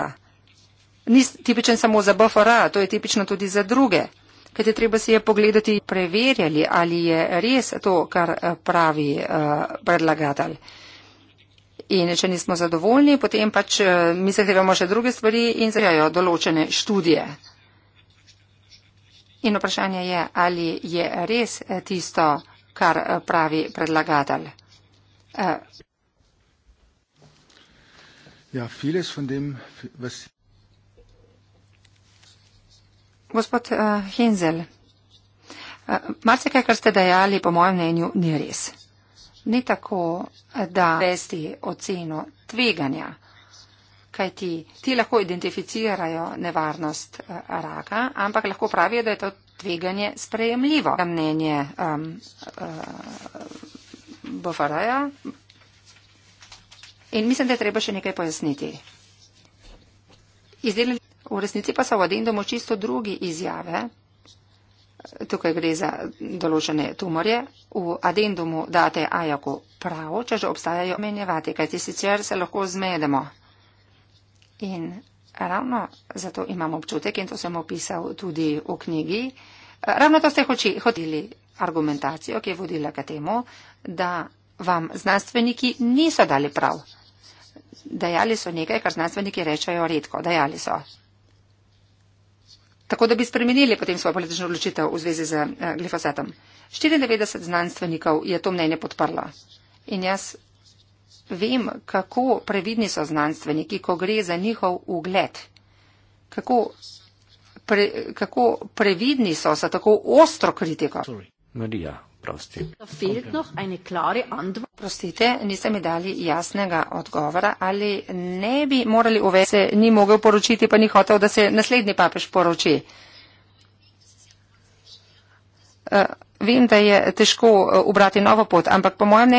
Ni tipičen samo za BFR, to je tipično tudi za druge kajte treba si je pogledati in preverjali, ali je res to, kar eh, pravi eh, predlagatelj. In če nismo zadovoljni, potem pač eh, mi zahtevamo še druge stvari in zrejajo določene študije. In vprašanje je, ali je res tisto, kar pravi predlagatelj. Ja, vieles von dem, was Gospod uh, Hinzel, uh, eh, mar se kaj, kar ste dejali, po mojem mnenju, ni res. Ni tako, da vesti oceno tveganja, kaj ti, ti lahko identificirajo nevarnost uh, raka, ampak lahko pravijo, da je to tveganje sprejemljivo. Mnenje um, uh, Bofaraja. In mislim, da je treba še nekaj pojasniti. Izdelali v resnici pa so v adendumu čisto drugi izjave. Tukaj gre za določene tumorje. V adendumu date ajako pravo, če že obstajajo menjevati, kajti sicer se lahko zmedemo. In ravno zato imam občutek, in to sem opisal tudi v knjigi, ravno to ste hoči, hodili argumentacijo, ki je vodila k temu, da vam znanstveniki niso dali prav. Dajali so nekaj, kar znanstveniki rečejo redko. Dajali so tako da bi spremenili potem svojo politično odločitev v zvezi z eh, glifosatom. 94 znanstvenikov je to mnenje podprlo. In jaz vem, kako previdni so znanstveniki, ko gre za njihov ugled. Kako, pre, kako previdni so za tako ostro kritiko. Sorry. Maria, prosti. Prostite, niste mi dali jasnega odgovora, ali ne bi morali uvesti, ni mogel poročiti, pa ni hotel, da se naslednji papež poroči. Uh, vem, da je težko eh, ubrati novo pot, ampak po mojem mnenju.